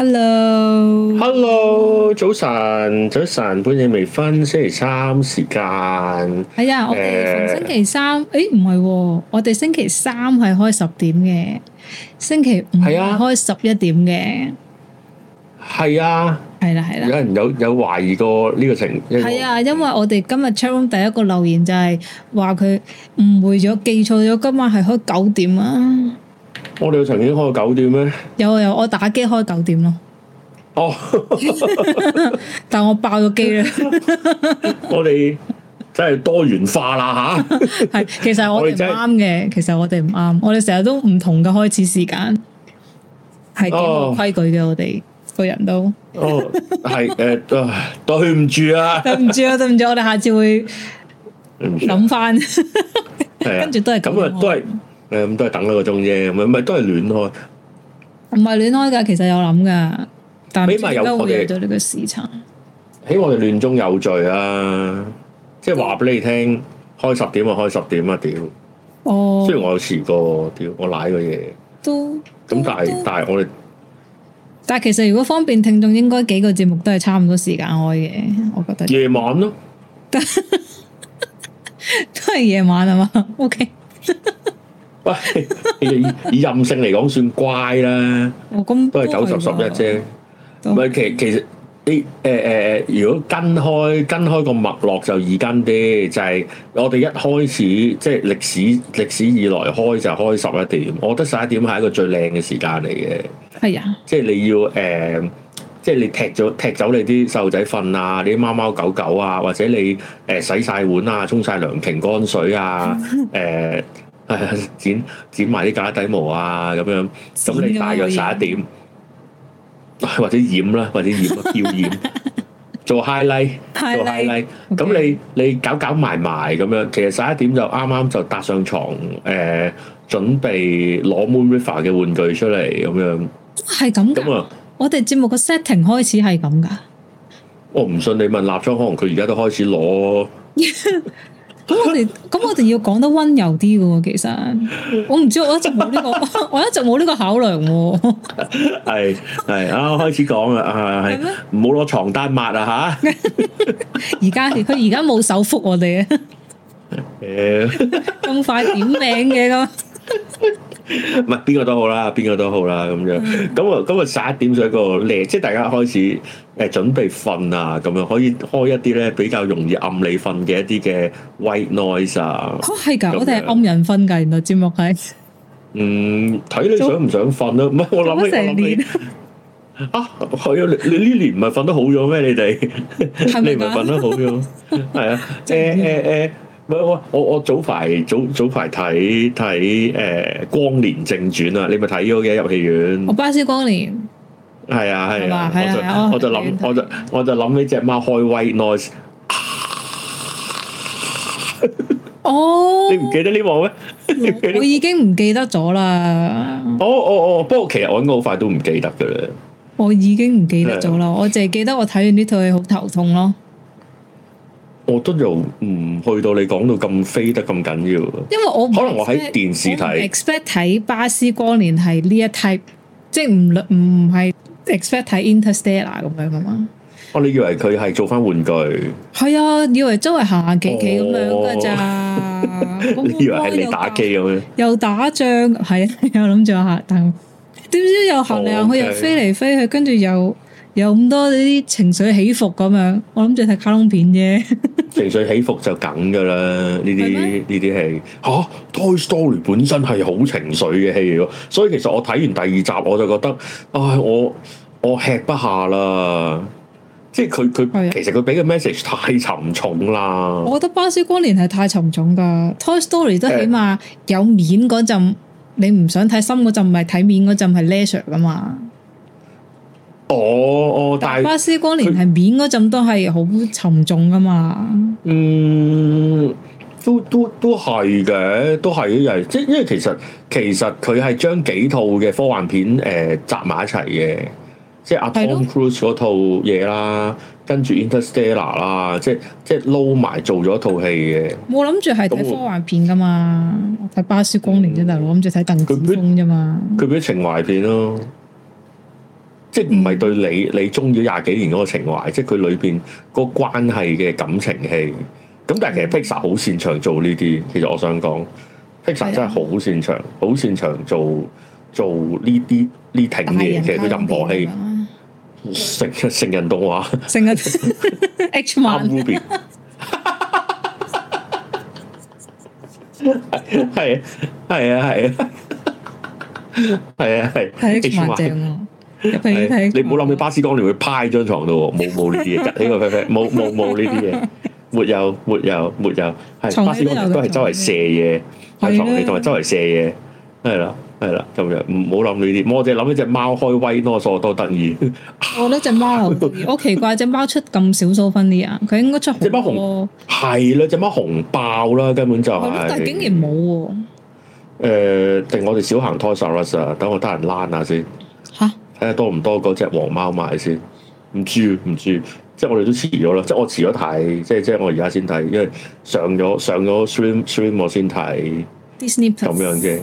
hello，hello，Hello，早晨，早晨，半夜微醺，星期三時間。係啊，我哋從星期三，誒、欸，唔係、啊，我哋星期三係開十點嘅，星期五係啊，開十一點嘅。係啊，係啦、啊，係啦、啊。有人有有懷疑過呢個情？係啊，個啊，因為我哋今日 check 第一個留言就係話佢誤會咗，記錯咗，今晚係開九點啊。我哋曾經開過九點咩？有啊有，我打機開九點咯。哦，但我爆咗機啦。我哋真係多元化啦，吓。係，其實我哋唔啱嘅。其實我哋唔啱。我哋成日都唔同嘅開始時間，係幾規矩嘅。我哋個人都。哦，係誒，對唔住啊，對唔住啊，對唔住，我哋下次會諗翻。係啊，跟住都係咁啊，都係。誒，咁、嗯、都係等一個鐘啫，唔係都係亂開，唔係亂開噶，其實有諗噶，起碼有我哋呢個時差，起我哋亂中有序啊，對 即係話俾你聽，開十點就開十點啊，屌哦、啊啊，雖然我有遲過，屌我賴個嘢，都咁但係但係我哋，但係其實如果方便聽眾，應該幾個節目都係差唔多時間開嘅，我覺得夜晚咯， 都係夜晚係嘛？O K。Okay. 喂，以任性嚟講，算乖啦，都係九十十一啫。唔係其其實你誒誒誒，如果跟開跟開個脈絡就易跟啲，就係我哋一開始即係歷史歷史以來開就開十一點，我覺得十一點係一個最靚嘅時間嚟嘅。係啊，即係你要誒，即係你踢咗踢走你啲細路仔瞓啊，啲貓貓狗狗啊，或者你誒洗晒碗啊，沖晒涼瓶乾水啊，誒。係、哎、剪剪埋啲假底毛啊，咁樣，咁你大約十一點或，或者染啦，或者染個漂染，做 highlight， 做 highlight，咁 Okay. 你你搞搞埋埋咁樣，其實十一點就啱啱就搭上床，誒、呃，準備攞 moon river 嘅玩具出嚟咁樣。係咁。咁啊樣，我哋節目個 setting 開始係咁噶。我唔信你問立昌，可能佢而家都開始攞。 咁我哋咁我哋要講得溫柔啲嘅喎， 其實我唔知我一直冇呢、這個，我一直冇呢個考量。係 係啱啱，開始講啦，係唔好攞床單抹啊吓！而家佢而家冇手覆我哋啊，咁快點名嘅咁。 唔係邊個都好啦，邊個都好啦咁樣，咁啊咁啊十一點上個嚟，即係大家開始誒準備瞓啊，咁樣可以開一啲咧比較容易暗你瞓嘅一啲嘅 white noise 啊。哦係噶，我哋係暗人瞓噶，原來節目係。嗯，睇你想唔想瞓啊？唔係我諗你諗你啊，係啊！你你呢年唔係瞓得好咗咩？你哋你唔係瞓得好咗？係啊，誒誒誒。喂喂，我我早排早早排睇睇誒《光年正傳》啊，你咪睇咗嘅入戲院。我巴斯光年。係啊係啊，我就我就諗我就我就諗起隻貓開威奈。哦！你唔記得呢幕咩？我已經唔記得咗啦。哦哦哦，不過其實我應該好快都唔記得噶啦。我已經唔記得咗啦，我淨係記得我睇完呢套戲好頭痛咯。我都又唔去到你講到咁飛得咁緊要，因為我可能我喺電視睇 expect 睇巴斯光年係呢一 type，即係唔唔唔係 expect 睇 Interstellar 咁樣噶嘛。哦，你以為佢係做翻玩具？係啊，以為周圍行行企企咁樣噶咋。 以 你以為係你打機咁樣。又打仗係啊，又諗住吓，但點知又行嚟行去，哦，okay. 又飛嚟飛去，跟住又。有咁多呢啲情緒起伏咁樣，我諗住睇卡通片啫。 情緒起伏就梗噶啦，呢啲呢啲戲吓。嗎啊、Toy Story 本身係好情緒嘅戲嚟咯，所以其實我睇完第二集我就覺得，唉，我我吃不下啦。即係佢佢其實佢俾嘅 message 太沉重啦。我覺得巴斯光年係太沉重㗎。Toy Story 都起碼有面嗰陣，呃、你唔想睇深嗰陣，唔係睇面嗰陣係 leisure 噶嘛。哦哦，oh, oh, 但係《巴斯光年》係面嗰陣都係好沉重噶嘛？嗯，都都都係嘅，都係一樣，即係、就是、因為其實其實佢係將幾套嘅科幻片誒、呃、集埋一齊嘅，即係阿 Tom Cruise 嗰套嘢啦，跟住 Interstellar 啦，即係即係撈埋做咗套戲嘅。冇諗住係睇科幻片噶嘛，嗯、我睇《巴斯光年》啫，大佬，我諗住睇鄧梓峰啫嘛，佢俾情懷片咯。即係唔係對你、嗯、你中意廿幾年嗰個情懷，即係佢裏邊個關係嘅感情戲。咁但係其實 Pixar 好擅長做呢啲，其實我想講 Pixar 真係好擅長，好 一整 saben 擅長做做呢啲呢挺嘢。其實佢任何戲，成成人動畫，成個 H 漫，係啊係啊係啊係啊係。係 H 漫正啊！你唔好諗起巴斯光年會趴喺張床度，冇冇呢啲嘢，凸起個啡啡，冇冇冇呢啲嘢，沒有沒有沒有，係巴斯光年都係周圍射嘢喺同埋周圍射嘢，係啦係啦咁樣，唔好諗呢啲，我只諗起隻貓開威囉嗦多得意。我覺得隻貓，我、哦 哦、奇怪隻貓出咁少數分啲啊，佢應該出紅。隻貓紅，係啦，隻貓紅爆啦，根本就是、但係竟然冇喎。誒、呃，定我哋少行拖手啦，等我得閒攬下先。睇下多唔多嗰隻黃貓賣先，唔知唔知，即係我哋都遲咗啦，即係我遲咗睇，即係即係我而家先睇，因為上咗上咗 swim swim 我先睇，咁 Plus 樣嘅，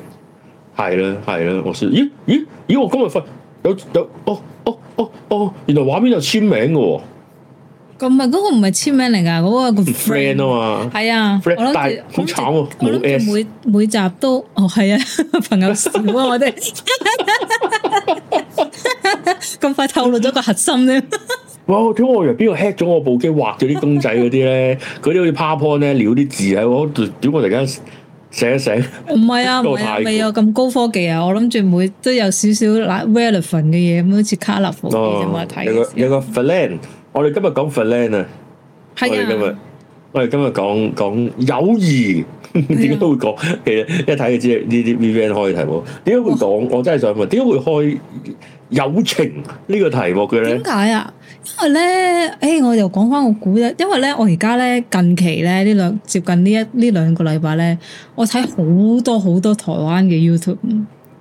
係啦係啦，我先咦咦咦，我今日發現有有哦哦哦哦，哦，原來畫面有簽名嘅喎、哦，咁啊嗰個唔係、嗰個、簽名嚟噶，嗰、嗰個、嗰個 friend 啊嘛，係啊，friend, 但係是好慘啊，冇。諗 沒 每 s. 每集都哦係啊、哦、朋友啊我哋。 咁 快透露咗個核心咧？ 哇！屌，我由邊度 hack 咗我部機畫咗啲公仔嗰啲咧？佢啲 好似 powerpoint，撩啲字喺我突然寫寫。屌我而家寫一寫？唔係啊，唔係 啊，未有咁高科技啊！我諗住每都有少少 relevant 嘅嘢，咁好似 colourful 咁啊！睇有個有個芬蘭，我哋今日講芬蘭啊，係啊，我哋今日講講友誼。點解都會講，其實一睇就知呢啲 VVN 開嘅題目。點解會講？Oh. 我真係想問，點解會開友情呢、呢個題目？佢咧點解啊？因為咧，哎、欸，我又講翻個古一。因為咧，我而家咧近期咧呢兩接近呢一呢兩個禮拜咧，我睇好多好多好多台灣嘅 YouTube，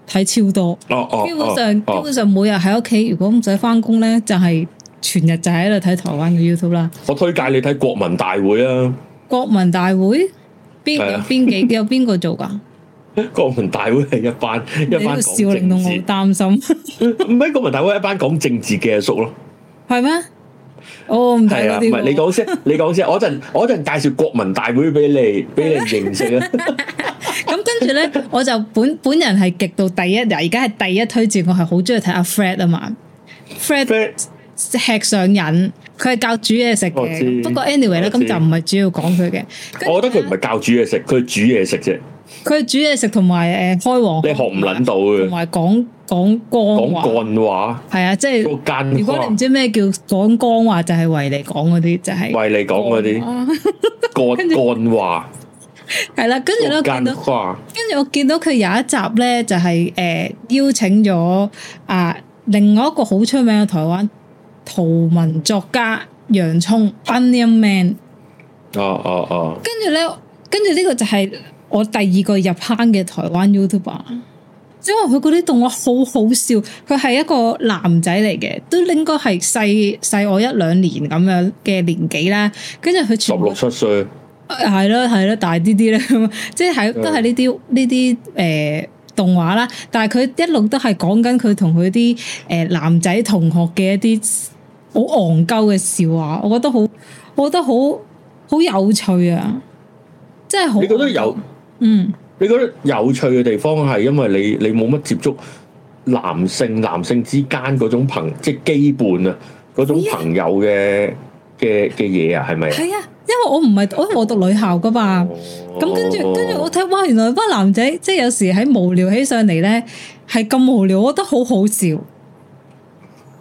睇超多。哦哦、oh, oh, oh, oh, oh. 基本上 oh, oh. 基本上每日喺屋企，如果唔使翻工咧，就係、是、全日就喺度睇台灣嘅 YouTube 啦。我推介你睇國民大會啊！國民大會。邊邊幾有邊個做㗎？國民大會係一班一班笑，令到我擔心。唔係國民大會一班講政治嘅阿叔咯，係咩？我唔睇點。唔係你講先，你講先。我陣我陣介紹國民大會俾你俾你認識啊。咁跟住咧，我就本本人係極到第一嗱，而家係第一推薦，我係好中意睇阿 Fred 啊嘛，Fred 食上癮。佢係教煮嘢食嘅，不過 anyway 咧，咁就唔係主要講佢嘅。我覺得佢唔係教煮嘢食，佢煮嘢食啫。佢煮嘢食同埋誒開黃，你學唔捻到嘅。同埋講講，講幹話。講幹話。係啊，即、就、係、是。如果你唔知咩叫講幹話，就係維你講嗰啲，就係維你講嗰啲 幹幹話。係啦 然後，跟住咧，跟住 我見到佢有一集咧、就是，就係誒邀請咗啊、嗯、另外一個好出名嘅台灣。圖文作家洋葱 Onion Man 哦哦哦，跟住咧，跟住呢個就係我第二個入坑嘅台灣 YouTuber，、嗯、因為佢嗰啲動畫好好笑，佢係一個男仔嚟嘅，都應該係細細我一兩年咁樣嘅年紀啦。跟住佢十六七歲，係咯係咯，大啲啲咧， 即係都係呢啲呢啲誒動畫啦。但係佢一路都係講緊佢同佢啲誒男仔同學嘅一啲好戇鳩嘅笑話，我覺得好，我覺得好好有趣啊！即係、啊、你覺得有嗯，你覺得有趣嘅地方係因為你你冇乜接觸男性男性之間嗰種朋即係基伴啊嗰種朋友嘅嘅嘅嘢啊係咪？係啊，因為我唔係我我讀女校㗎嘛，咁、oh. 跟住跟住我睇，哇，原來嗰班男仔即係有時喺無聊起上嚟咧係咁無聊，我覺得好好笑。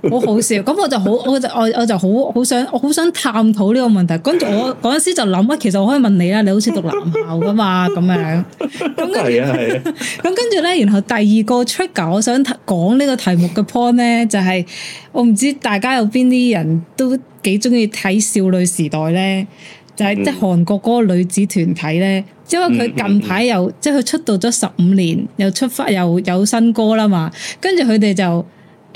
好好笑，咁 我就好，我就我我就好，好想我好想探討呢個問題。跟住我嗰陣時就諗啊，其實我可以問你啦，你好似讀男校噶嘛，咁樣。係啊係啊。咁、啊啊、 跟住咧，然後第二個 trigger，我想講呢個題目嘅 point 咧，就係、是、我唔知大家有邊啲人都幾中意睇少女時代咧，就係即係韓國嗰個女子團體咧，因為佢近排又 即係佢出道咗十五年，又出翻又有，有新歌啦嘛，跟住佢哋就。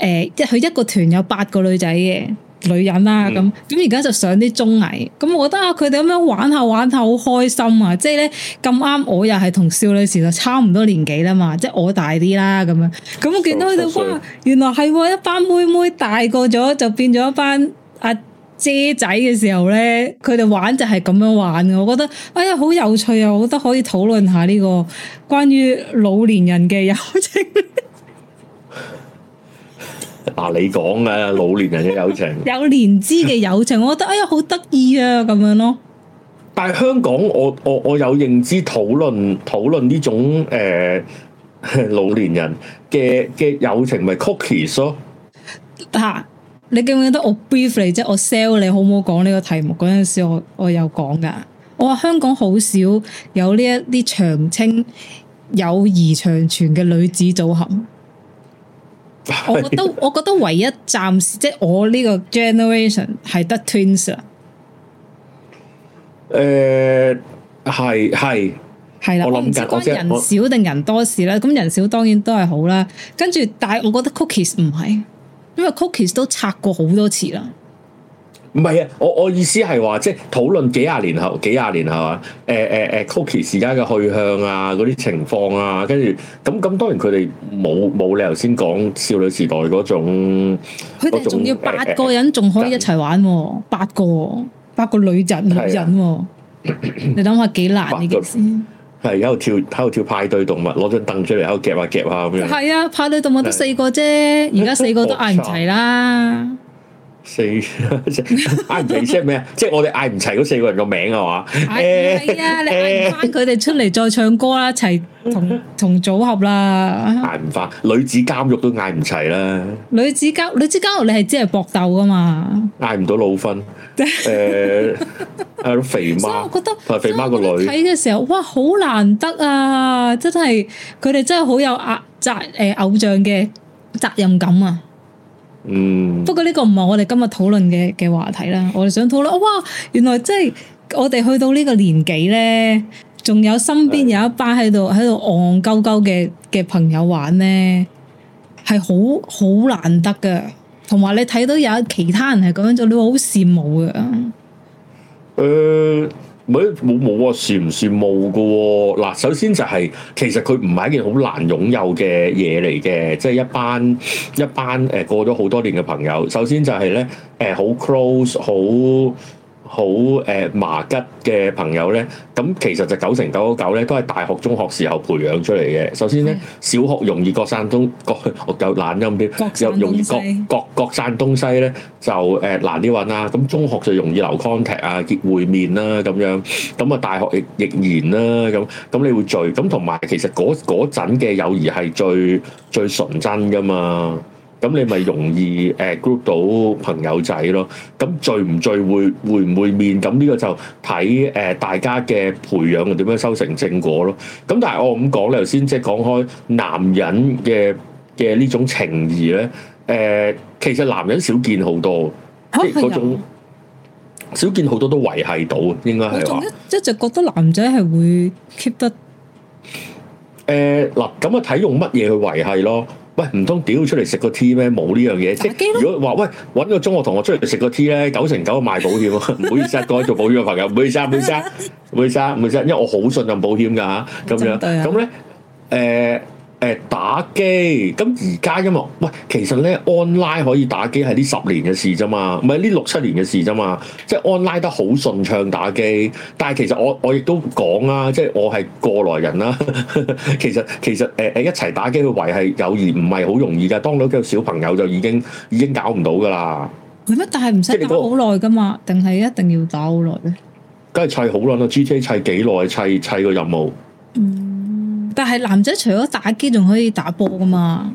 誒，即係、呃、佢一個團有八個女仔嘅女人啦，咁咁而家就上啲綜藝，咁我覺得啊，佢哋咁樣玩下玩下好開心啊！即係咧咁啱，我又係同少女時代差唔多年紀啦嘛，即係我大啲啦，咁樣咁我見到佢哋哇，原來係、啊、一班妹妹大個咗就變咗一班阿姐仔嘅時候咧，佢哋玩就係咁樣玩嘅，我覺得哎呀好有趣啊！我覺得可以討論下呢個關於老年人嘅友情。 嗱、啊，你講嘅、啊、老年人嘅友情， 有年資嘅友情，我覺得哎呀好得意啊，咁樣咯。但係香港，我我我有認知討論討論呢種誒、欸、老年人嘅嘅友情咪、就是、cookies 咯。吓、啊，你記唔記得我 briefly 你啫，我 sell 你好唔好講呢個題目嗰陣時我，我我有講噶。我話香港好少有呢一啲長青友誼長存嘅女子組合。 我覺得我覺得唯一暫時即係我呢個 generation 係得 Twins 啦。誒、呃，係係係啦，的我諗唔知關人少定人多事啦。咁人少當然都係好啦。跟住，但係我覺得 Cookies 唔係，因為 Cookies 都拆過好多次啦。唔係啊，我我意思係話，即係討論幾廿年後、幾廿年後啊，誒、呃、誒誒、呃、，Cookies 而家嘅去向啊，嗰啲情況啊，跟住咁咁，當然佢哋冇冇理由先講少女時代嗰種，佢哋仲要八個人仲可以一齊玩、啊，八個八個女人女人、啊，啊、你諗下幾難呢件事？係喺度跳喺度跳派對動物，攞張凳出嚟喺度夾下夾下咁樣。係啊，派對動物都四個啫，而家、啊、四個都嗌唔齊啦。嗯四嗌唔齊 s e 咩？即係我哋嗌唔齊嗰四個人個名係嘛？係啊，你嗌唔翻佢哋出嚟再唱歌啦，齊同同組合啦。嗌唔翻女子監獄都嗌唔齊啦。女子監女子監獄你係只係搏鬥噶嘛？嗌唔到老婚。誒、 欸，係肥媽。 肥所以我覺得肥媽個女睇嘅時候，哇，好難得啊！真係佢哋真係好有壓責誒，偶像嘅責任感啊！嗯，不過呢個唔係我哋今日討論嘅嘅話題啦，我哋想討論，哇，原來即係我哋去到呢個年紀呢，仲有身邊有一班喺度喺度戇戇鳩鳩嘅嘅朋友玩呢，係好好難得噶，同埋你睇到有其他人係咁樣做，你會好羨慕噶。誒、嗯。嗯冇冇冇喎，算唔算冇噶喎？嗱，首先就係、是、其實佢唔係一件好難擁有嘅嘢嚟嘅，即係一班一班誒、呃，過咗好多年嘅朋友。首先就係咧誒，好 close 好。好誒麻、呃、吉嘅朋友咧，咁、嗯、其實就九成九九咧，都係大學、中學時候培養出嚟嘅。首先咧，的小學容易各散東割，又懶音咁啲，又容易各各各散東西咧，就誒、呃、難啲搵啦。咁、嗯、中學就容易留 contact 啊，結會面啦、啊、咁樣，咁、嗯、啊大學亦亦然啦、啊，咁、嗯、咁、嗯、你會聚，咁同埋其實嗰陣嘅友誼係最最純真㗎嘛。咁你咪容易誒 group 到朋友仔咯？咁聚唔聚會，會唔會面？咁呢個就睇誒大家嘅培養，點樣修成正果咯？咁但係我咁講咧，你頭先即係講開男人嘅嘅呢種情義咧，誒其實男人少見好多，即係嗰種少見好多都維繫到，應該係話一直覺得男仔係會 keep 得誒嗱，咁啊睇用乜嘢去維繫咯？喂，唔通屌出嚟食個 tea 咩？冇呢樣嘢。即如果話喂揾個中學同學出嚟食個 tea 咧，九成九賣保險唔 好意思啊，各位做保險嘅朋友，唔好意思啊，唔好意思，唔 好意思， 因為我好信任保險㗎嚇，咁樣，咁咧，誒、啊。誒、呃，打機咁而家音樂喂，其實咧 online 可以打機係呢十年嘅事啫嘛，唔係呢六七年嘅事啫嘛，即係 online 得好順暢打機。但係其實我我亦都講啊，即係我係過來人啦、啊。 其實其實誒誒，一齊打機去維繫友誼唔係好容易噶，當到幾個小朋友就已經已經搞唔到噶啦。係咩？但係唔使打好耐噶嘛？定係、那個、一定要打好耐咧？梗係砌好耐囉，GTA 砌幾耐？砌砌個任務。嗯。但係男仔除咗打機，仲可以打波噶嘛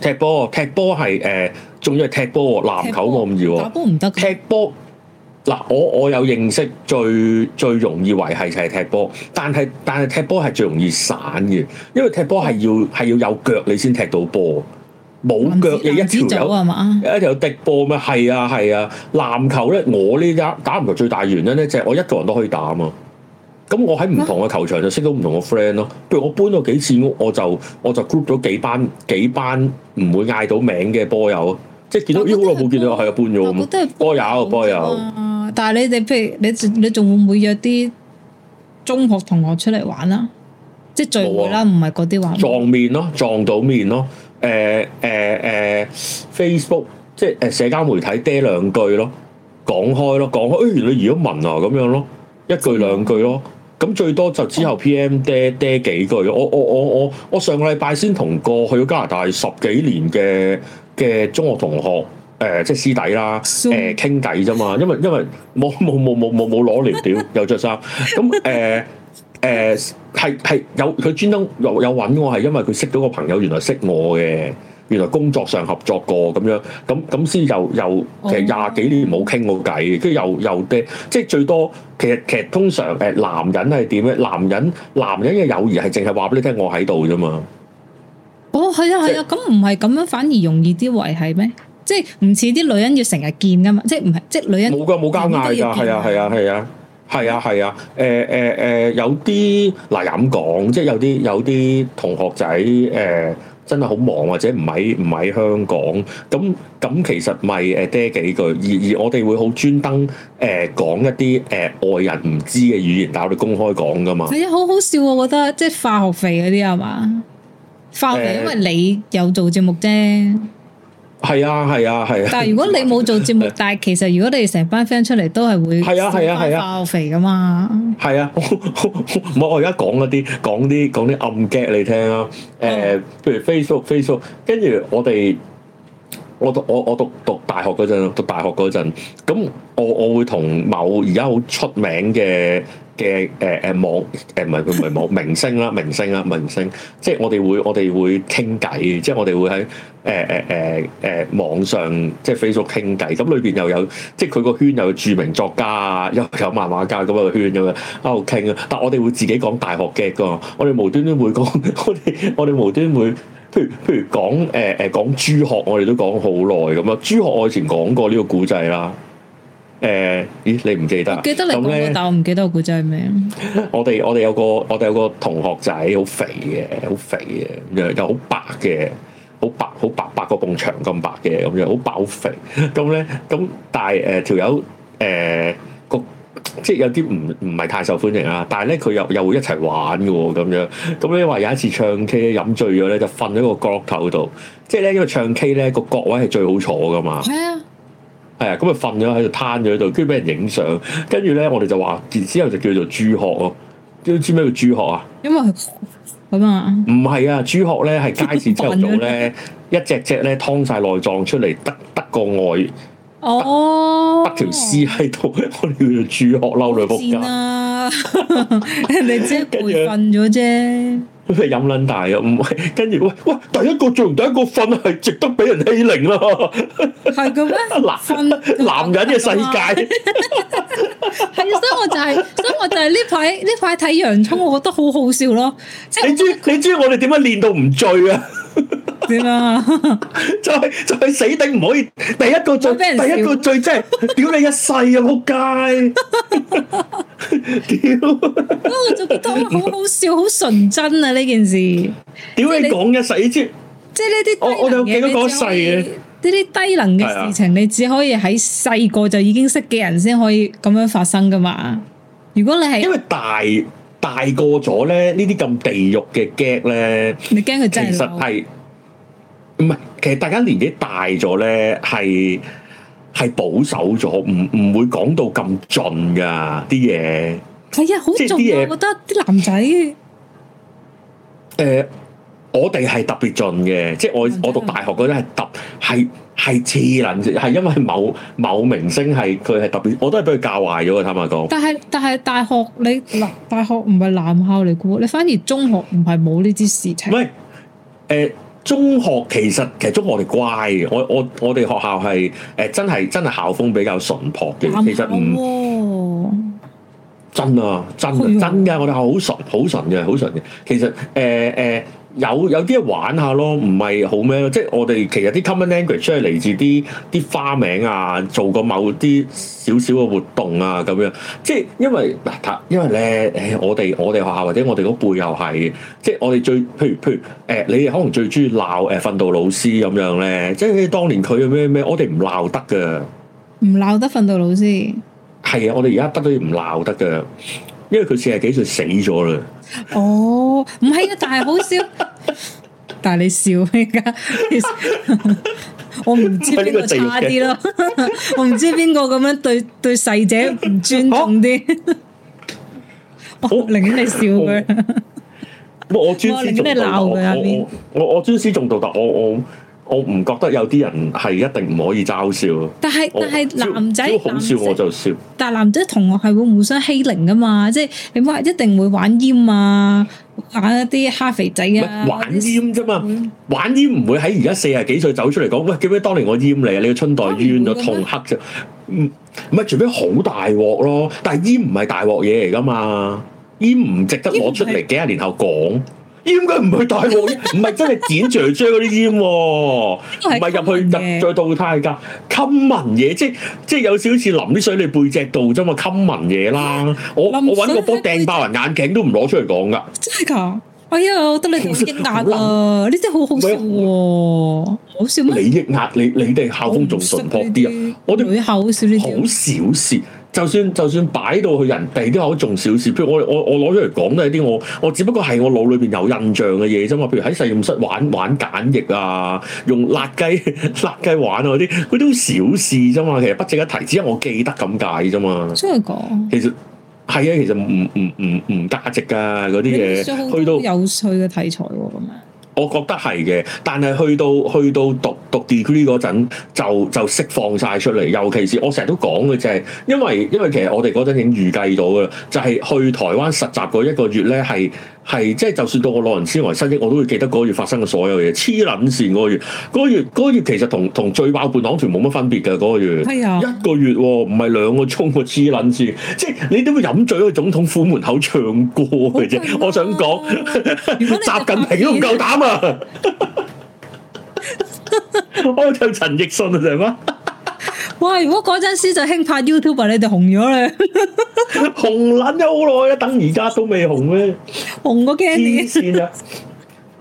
踢？踢波，呃、踢波係誒，仲要係踢波。籃球我唔要，打波唔得。踢波嗱，我我有認識最最容易維繫就係踢波，但係但係踢波係最容易散嘅，因為踢波係要係要有腳你先踢到波，冇腳嘅一條友係嘛，有一條踢波咪係啊係啊。籃、啊啊、球咧，我呢家打籃球最大原因咧，就係我一個人都可以打啊嘛。咁我喺唔同嘅球場就識到唔同嘅 friend 咯。譬如我搬咗幾次屋，我就我就 group 咗幾班幾班唔會嗌到名嘅波友，即係見到好耐冇見到，係啊搬咗。咁都係波友啊波友。但係友你哋譬如你你仲會唔會約啲中學同學出嚟玩啊？即係聚會啦，唔係嗰啲玩撞面咯，撞到面咯。誒誒誒，Facebook 即係誒社交媒體，嗲兩句咯，講開咯，講開。誒、哎、原來而家問啊咁樣咯，一句兩句咯。咁最多就之後 PM 嗲嗲幾句，我我我我我上個禮拜先同個去咗加拿大十幾年嘅嘅中學同學，誒、呃、即係師弟啦，誒傾偈啫嘛，因為因為冇冇冇冇冇冇攞尿屌有着衫，咁誒誒係係有佢專登有有揾我係因為佢識咗個朋友原來識我嘅。原來工作上合作過咁樣，咁咁先又又其實廿幾年冇傾過偈，跟住又又啲即係最多其實其實通常誒男人係點咧？男人男人嘅友誼係淨係話俾你聽，我喺度啫嘛。哦，係啊，係啊，咁唔係咁樣反而容易啲維係咩？即係唔似啲女人要成日見噶嘛？即係唔係即係女人冇噶冇交嗌噶，係啊係啊係啊係啊係啊誒誒誒有啲嗱咁講，即係有啲有啲同學仔誒。真係好忙或者唔喺唔喺香港咁咁，其實咪誒嗲幾句，而而我哋會好專登誒、呃、講一啲誒、呃、外人唔知嘅語言，但我哋公開講㗎嘛？係、欸、啊，好好笑我覺得即係化學肥嗰啲係嘛？化學肥因為你、呃、有做節目啫。係啊係啊係啊！ 但係如果你冇做節目， 但係其實如果你成班 friend 出嚟都係會係啊係啊係啊。爆肥噶嘛。係啊，唔係我而家講一啲講啲講啲暗 gem 你聽啊。誒、呃，譬如 Facebook Facebook，跟住我哋我，我，我讀我我讀讀大學嗰陣，讀大學嗰陣，咁我我會同某而家好出名嘅。嘅誒誒網誒唔係佢唔係網明星啦，明星啦，明星，即係我哋會 我哋會傾偈、就是呃呃，即係我哋會喺誒誒誒誒網上即係 Facebook 傾偈，咁裏邊又有即係佢個圈又有著名作家啊，又有漫畫家咁嘅圈咁樣喺度傾啊。但我哋會自己講大學嘅㗎，我哋無端端會講， 我哋我哋無端會，譬如譬如講誒誒、呃、講朱學，我哋都講好耐咁啊。朱學我以前講過呢個古仔啦。誒，咦、欸？你唔記得？記得你講嘅，但呢我唔記得個古仔係咩。我哋我哋有個我哋有個同學仔，好肥嘅，好肥嘅咁樣，又好白嘅，好白好白白個埲牆咁白嘅咁樣，好白好肥。咁咧咁，但係誒條友誒個、呃、即係有啲唔唔係太受歡迎啦。但係咧佢又又會一齊玩嘅喎、哦，咁樣。咁你話有一次唱 K 飲醉咗咧，就瞓喺個角落頭度。即係咧因為唱 K 咧個角位係最好坐嘅嘛。係啊。係啊，咁咪瞓咗喺度，攤咗喺度，跟住俾人影相，跟住咧我哋就話，然之後就叫做豬殼咯。知唔知咩叫豬殼啊？因為係啊，唔係啊，豬殼咧係街市朝頭早咧，一隻隻咧劏晒內臟出嚟，得得個外，得條屍喺度，我哋叫做豬殼嬲女仆家。先啦，你只培訓咗啫。佢哋飲卵大嘅，唔係跟住喂，哇！第一個做唔第一個瞓係值得俾人欺凌咯，係咁咩？男瞓的男人嘅世界，係啊！所以我就係、是，所以我就係呢排呢排睇洋葱，我覺得好好笑咯。即你知你知我哋點樣練到唔醉啊？點啊！ 再再死頂唔可以，第一個最人 第一個最即係屌你一世啊！仆街，屌！不過就覺得好好笑，好純真啊！呢件事，屌你講嘅死啫， 即係呢啲我我哋要記得嗰世嘅呢啲低能嘅事情，你只可以喺細個就已經識嘅人先可以咁樣發生㗎嘛？如果你係因為大。大個咗咧，呢啲咁地獄嘅 gag 咧，你驚佢真係？其實係唔係？其實大家年紀大咗咧，係係保守咗，唔唔會講到咁盡噶啲嘢。係啊，好盡啊！重我覺得啲男仔誒。呃我哋係特別盡嘅，即係我我讀大學嗰陣係特，係係智能，係因為某某明星係佢係特別，我都係俾佢教壞咗嘅，坦白講。但係但係大學你嗱，大學唔係男校嚟嘅㗎，你反而中學唔係冇呢啲事情。唔係、呃、中學其實其實中學我哋乖嘅，我我我哋學校係誒、呃、真係真係校風比較純樸嘅，其實唔真啊真真嘅，我哋好純好純嘅好純嘅，其實誒誒。有有啲嘢玩下咯，唔係、嗯、好咩咯，即係我哋其實啲 common language 即係嚟自啲啲花名啊，做過某啲少少嘅活動啊，咁樣。即係因為嗱，因為咧，誒、哎，我哋我哋學校或者我哋嗰輩又係，即係我哋最，譬如譬如誒、呃，你可能最中意鬧誒訓導老師咁樣咧，即係當年佢咩咩，我哋唔鬧得噶，唔鬧得訓導老師。係啊，我哋而家不都唔鬧得噶，因為佢四十幾歲死咗啦。哦，唔係啊，但係好笑， 但係你笑咩噶？ 你笑 我唔知邊個差啲咯， 我唔知邊個咁樣對對逝者唔尊重啲， 我寧願你笑佢我。唔我， 我尊重你鬧佢啊！我 我我尊師重道，但我 我。我 我唔覺得有啲人係一定唔可以嘲笑。但係是我但係男仔，都好笑我就笑。但係男仔同學係會互相欺凌噶嘛，即係你話一定會玩陰啊，玩一啲蝦肥仔嘅、啊，玩陰啫嘛，嗯、玩陰唔會喺而家四十幾歲走出嚟講，喂、哎，記唔記得當年我陰你啊？你個春袋冤咗痛黑咗。唔係除非好大鑊咯，但係陰唔係大鑊嘢嚟噶嘛，陰唔值得攞出嚟幾十年後講。煙佢唔去大鑊，唔係真係剪嚼嚼嗰啲煙，唔係入去入再倒態噶，襟聞嘢，即係即係有少少淋啲水你背脊度啫嘛，襟聞嘢啦，我我搵個波掟爆人眼鏡都唔攞出嚟講噶，真係噶，哎呀，得你利益壓啦，你真係好好笑，好笑，利益壓你你哋校風仲淳樸啲啊，我哋啲好少好少事。就算就算擺到去人哋都好仲小事，譬如我我我攞咗嚟講都係啲我我只不過係我腦裏邊有印象嘅嘢啫嘛，譬如喺實驗室玩玩簡易啊，用辣雞辣雞玩啊嗰啲，嗰啲小事啫嘛，其實不值一提，只係我記得咁解啫嘛。即係講。其實係到啊，其實唔唔唔唔價值㗎嗰啲嘢，去到有趣嘅題材喎咁啊。我覺得係嘅，但係去到去到讀讀 degree 嗰陣就就釋放晒出嚟，尤其是我成日都講嘅就係，因為因為其實我哋嗰陣已經預計到㗎啦，就係、是、去台灣實習嗰一個月咧係。係，即係 就算到我老人痴呆失憶，我都會記得嗰月發生嘅所有嘢。黐撚線嗰月，嗰、嗰個、月、嗰個、月其實同同最爆伴郎團冇乜分別嘅嗰、嗰個、月。係啊， 一個月喎，唔、哦、係兩個鐘喎，黐撚線。即係你點會飲醉喺總統府門口唱歌嘅啫？啊、我想講， 習近平都唔夠膽啊！我唱陳奕迅啊，就係咩？ 喂，如果嗰陣時就興拍 YouTuber，你就紅咗啦 紅撚咗好耐啦，等而家都未紅咩？ 紅個驚啲線啊！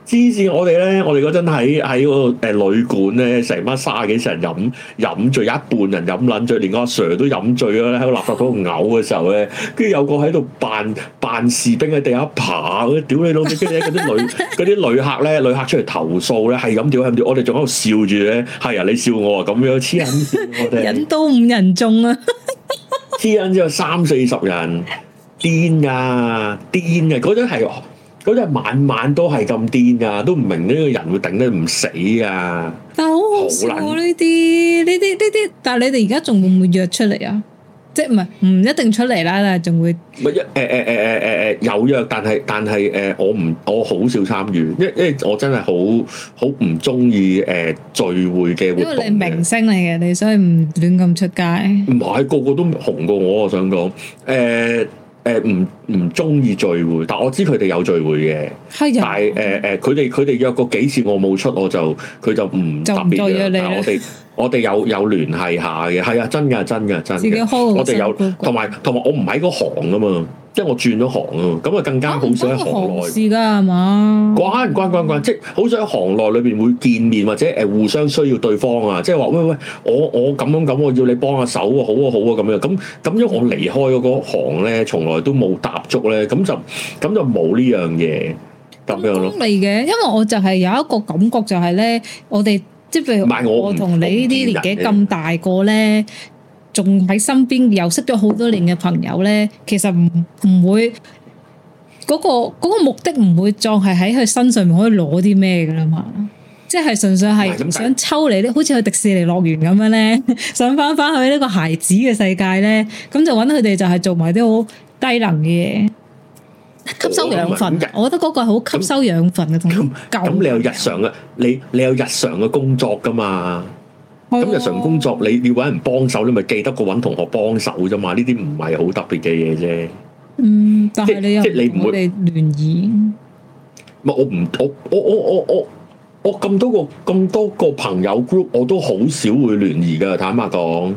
黐線！我哋咧，我哋嗰陣喺喺個誒旅館咧，成班卅幾成人飲飲，飲醉，一半人飲撚醉，連個阿 sir 都飲醉咗咧，喺個垃圾桶度嘔嘅時候咧，跟住有個喺度扮扮士兵喺地下爬，屌你老母！跟住嗰啲女嗰啲旅客咧，旅客出嚟投訴咧，係咁屌，我哋仲喺度笑住咧，係啊，你笑我啊咁樣黐緊線我哋，人都五人中啊，黐緊有三四十人癲啊癲嘅嗰陣係。嗰啲晚晚都係咁癲㗎，都唔明呢個人會頂得唔死啊！但係好好笑喎，呢啲呢啲呢啲，但係你哋而家仲會唔會約出嚟啊？即係唔係唔一定出嚟啦，但係仲會唔係誒誒誒誒誒誒有約，但係但係誒我唔我好少參與，因因為我真係好好唔中意誒聚會嘅活動。因為你係明星嚟嘅，你所以唔亂咁出街。唔係個個都紅過我，我想講誒誒唔。唔中意聚會，但我知佢哋有聚會嘅。係啊，但係誒誒，佢哋佢哋約過幾次，我冇出，我就佢就唔特別嘅。我哋我哋有有聯繫下嘅，係啊，真嘅，真嘅，真嘅。很想很想很我哋有同埋同埋，我唔喺嗰行啊嘛，即係我轉咗行啊，咁啊更加好想喺行內。行事㗎係嘛？寡唔關，關，關，關，關，即係好想喺行內裏邊會見面或者誒互相需要對方啊！即係話喂喂，我我咁樣咁，我要你幫下手啊，好啊好啊咁樣。咁咁樣因為我離開咗嗰行咧，從來都冇搭足咧，咁就咁就冇呢樣嘢，咁樣咯嚟嘅。因為我就係有一個感覺，就係咧，我哋即係譬如，唔係我唔同你呢啲年紀咁大個咧，仲喺身邊又識咗好多年嘅朋友咧，其實唔唔會嗰個嗰個目的唔會再係喺佢身上面可以攞啲咩㗎喇嘛。即係純粹係想抽離啲，好似去迪士尼樂園咁樣咧，想返返去呢個孩子嘅世界咧，咁就揾佢哋就係做埋啲好低能嘅嘢，吸收養分。我覺得嗰個係好吸收養分嘅東。咁咁你有日常嘅，你你有日常嘅工作㗎嘛？咁日常工作你要揾人幫手，你咪記得過揾同學幫手啫嘛？呢啲唔係好特別嘅嘢啫。嗯，但係你又即係你唔會聯誼。唔係我唔讀，我我我我。我咁多個咁多個朋友 group，我都好少會聯誼㗎。坦白講，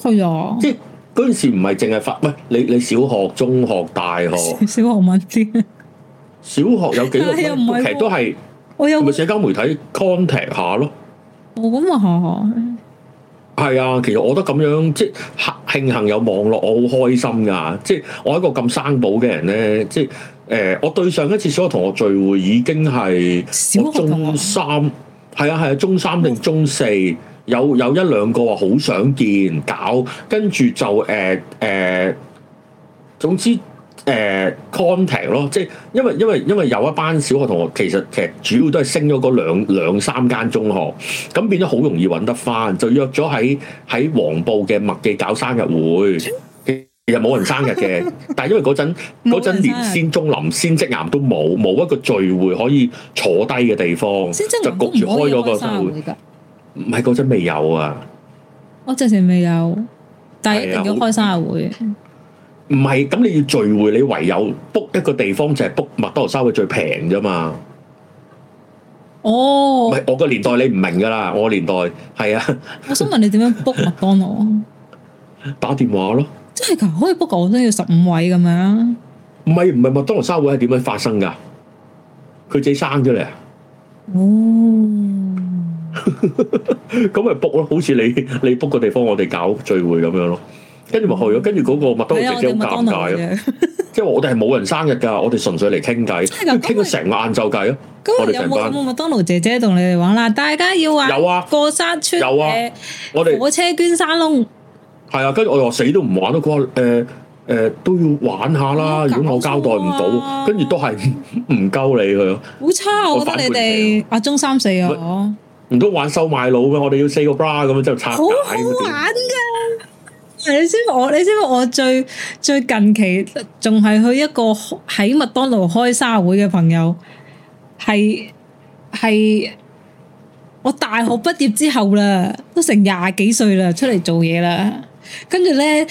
係啊， 即係嗰陣時唔係淨係發，唔係你你小學、中學、大學， 小學問啲， 小學有幾多？ 哎、個其實都係我有咪社交媒體 contact 下咯。哦，咁啊，係啊。其實我覺得咁樣即係慶幸有網絡，我好開心㗎。即係我一個咁生保嘅人咧，即係。誒、呃，我對上一次小學同學聚會已經係我中三，係啊係啊中三定中四，有有一兩個話好想見搞，跟住就誒誒、呃呃，總之誒、呃、contact 咯，即係因為因為因為有一班小學同學其實其實主要都係升咗嗰兩,兩三間中學，咁變咗好容易揾得返，就約咗喺喺黃埔嘅麥記搞生日會。其實冇人生日嘅， 但係因為嗰陣嗰陣連仙蹤林、仙跡岩都冇，冇一個聚會可以坐低嘅地方，就焗住開咗個生日會。唔係嗰陣未有啊，我直情未有，但係一定要開生日會。唔係咁，你要聚會，你唯有 book 一個地方，就係 book 麥當勞收嘅最平啫嘛。哦，唔係我個年代你唔明噶啦，我個年代係啊。 我想問你點樣 book 麥當勞？ 打電話咯。真係噶，可以 book 講真要十五位咁樣。唔係唔係，麥當勞沙會係點樣發生噶？佢自己生咗嚟。哦，咁咪 book 咯，好似你你 book 個地方，我哋搞聚會咁樣咯。跟住咪去咯。跟住嗰個麥當勞姐姐好尷尬咯，即係、啊、我哋係冇人生日噶，我哋純粹嚟傾偈，傾咗成個晏晝偈咯。咁、嗯、有冇麥當勞姐姐同你哋玩啦？大家要有話過山車、車山，有啊，我哋火車捐山窿。係啊，跟住我又死都唔玩得過。佢話誒誒都要玩下啦。如果我交代唔到，跟住都係唔夠你佢。好差啊！我覺得你哋阿中三四啊，唔通玩收買佬咩？我哋要四個 bra 咁樣就差。好好玩噶你知我你知我最最近期仲係去一個喺麥當勞開生日會嘅朋友，係係我大學畢業之後啦，都成廿幾歲啦，出嚟做嘢啦。跟住咧，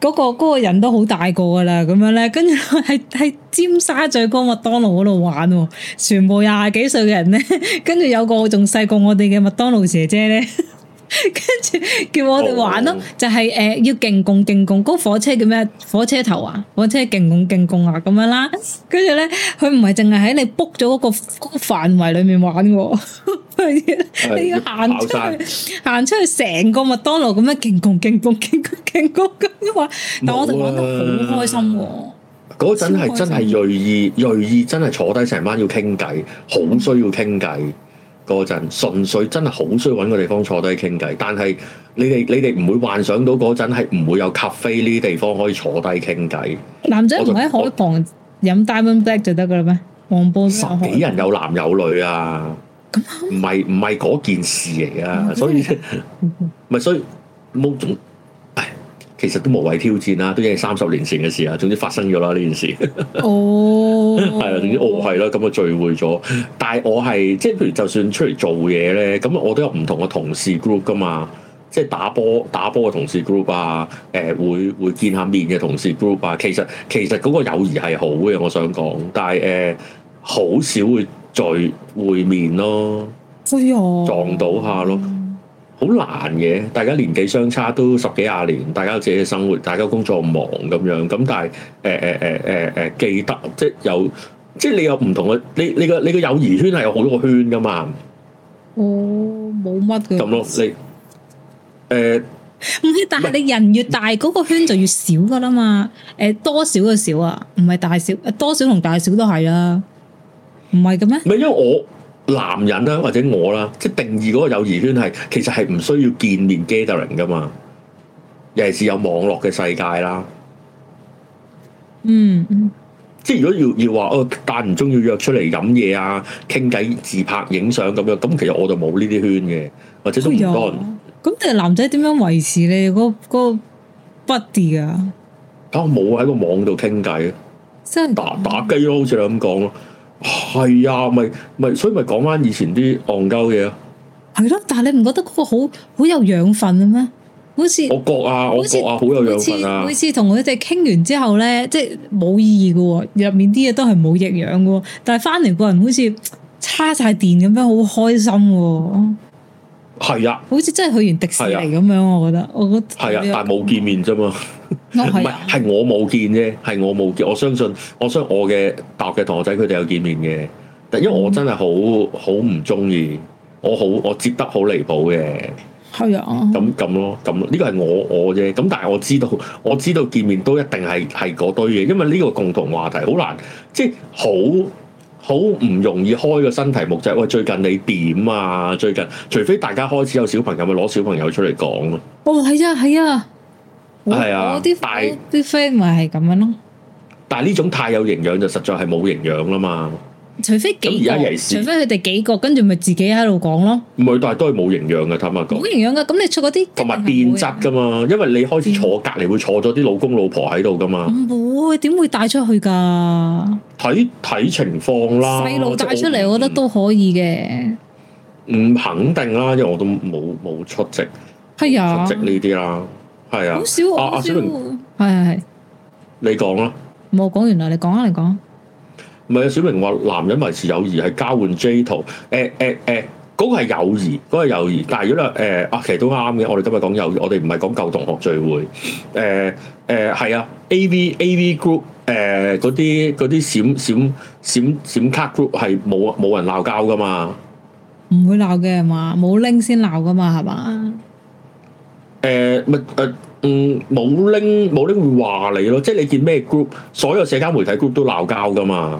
嗰個嗰個人都好大個噶啦，咁樣咧，跟住係喺尖沙咀嗰麥當勞嗰度玩喎，全部廿幾歲嘅人咧，跟住有個仲細過我哋嘅麥當勞姐姐咧。跟住 叫我哋玩咯，oh. 就係、是、誒、呃、要進攻進攻，嗰火車叫咩？火車頭啊，火車進攻進攻啊，咁樣啦。跟住咧，佢唔係淨係喺你 book 咗嗰個範圍裏面玩嘅，呵呵 oh. 你要行出去，行出去成個麥當勞咁樣進攻進攻進攻進攻咁樣玩，啊、但我哋玩得好開心。嗰陣係真係銳意，銳意真係坐低成晚要傾偈，好需要傾偈。 嗰陣純粹真係好需要揾個地方坐低傾偈，但係你哋你哋唔會幻想到嗰陣係唔會有 cafe 呢啲地方可以坐低傾偈。男仔唔喺海旁飲 Diamond Black 就得嘅啦咩？黃波十幾人有男有女啊，唔係唔係嗰件事嚟啊，所以唔係，所以冇其實都無謂挑戰啦，都已經係三十年前嘅事啦。總之發生咗啦呢件事。哦，係啦，總之哦，係咯，咁啊聚會咗。但係我係即係譬如，就算出嚟做嘢咧，咁我都有唔同嘅同事 group 噶嘛。即係打波打波嘅同事 group 啊，誒、呃、會會見下面嘅同事 group 啊。其實其實嗰個友誼係好嘅，我想講。但係誒，好、呃、少會聚會面咯。哎呀，撞到下咯。好難嘅，大家年紀相差都十幾廿年，大家有自己嘅生活，大家工作忙咁樣，咁但係誒誒誒誒誒記得，即係有，即係你有唔同嘅，你你個你個友誼圈係有好多個圈噶嘛？哦，冇乜嘅。咁多你誒，唔、呃、但係你人越大，嗰個圈就越少噶啦嘛。誒、呃，多少嘅少啊，唔係大小，多少同大小都係啦、啊，唔係咁咩？唔係因為我。男人啦，或者我啦，即係定義嗰個友誼圈係其實係唔需要見面 gathering 噶嘛，尤其是有網絡嘅世界啦。嗯嗯，嗯即係如果要要話，我間唔中意約出嚟飲嘢啊，傾偈、自拍、影相咁樣，咁其實我就冇呢啲圈嘅，或者都唔多人。咁但係男仔點樣維持你嗰嗰個 buddy 啊？啊，我冇喺個網度傾偈，打打機咯，好似你咁講咯。係啊，咪咪所以咪講翻以前啲戇鳩嘢。係咯，但係你唔覺得嗰個好好有養分嘅咩？好似我覺啊，我覺啊，好有養分啊！每次同佢哋傾完之後咧，即係冇意義嘅喎，入面啲嘢都係冇營養嘅喎，但係翻嚟個人好似叉晒電咁樣，好開心喎。係啊，好似真係去完迪士尼咁樣，啊、我覺得，我覺得，係啊，但係冇見面啫嘛，唔係，係我冇見啫，係我冇見。我相信，我相信我嘅大學嘅同學仔，佢哋有見面嘅。但因為我真係好好唔中意，我好我接得好離譜嘅，係啊，咁咁咯，咁呢個係我我啫。咁但係我知道，我知道見面都一定係係嗰堆嘢，因為呢個共同話題好難，即係好。好唔容易開個新題目就係，喂，最近你點啊？最近除非大家開始有小朋友，咪攞小朋友出嚟講咯、哦啊啊。哦，係啊，係啊但，係啊，啲 friend 啲 friend 咪係咁樣咯。但係呢種太有營養就實在係冇營養啦嘛。除非幾除非佢哋幾個跟住咪自己喺度講咯。唔係，但係都係冇營養嘅，坦白講。冇營養噶，咁你出嗰啲同埋變質噶嘛？因為你開始坐隔離，會坐咗啲老公老婆喺度噶嘛。唔會，點會帶出去噶？睇睇情況啦。細路帶出嚟，我覺得都可以嘅。唔肯定啦，因為我都冇冇出席。係啊，出席呢啲啦，係啊，好少，好少。係係係。你講咯。冇講原來，你講啊，你講。唔係啊，小明話男人維持友誼係交換 J 圖。誒誒誒，嗰、欸欸嗰個係友誼，嗰、嗰個係友誼。但係如果咧，誒阿奇都啱嘅，我哋今日講友誼，我哋唔係講舊同學聚會。誒、欸、誒，係、欸、啊，AV AV group，誒嗰啲啲閃閃閃閃卡 group 係冇冇人鬧交噶嘛？唔會鬧嘅係嘛？冇拎先鬧噶嘛係嘛？誒咪誒嗯冇拎冇拎會話你咯，即係你見咩 group，所有社交媒體 group 都鬧交噶嘛？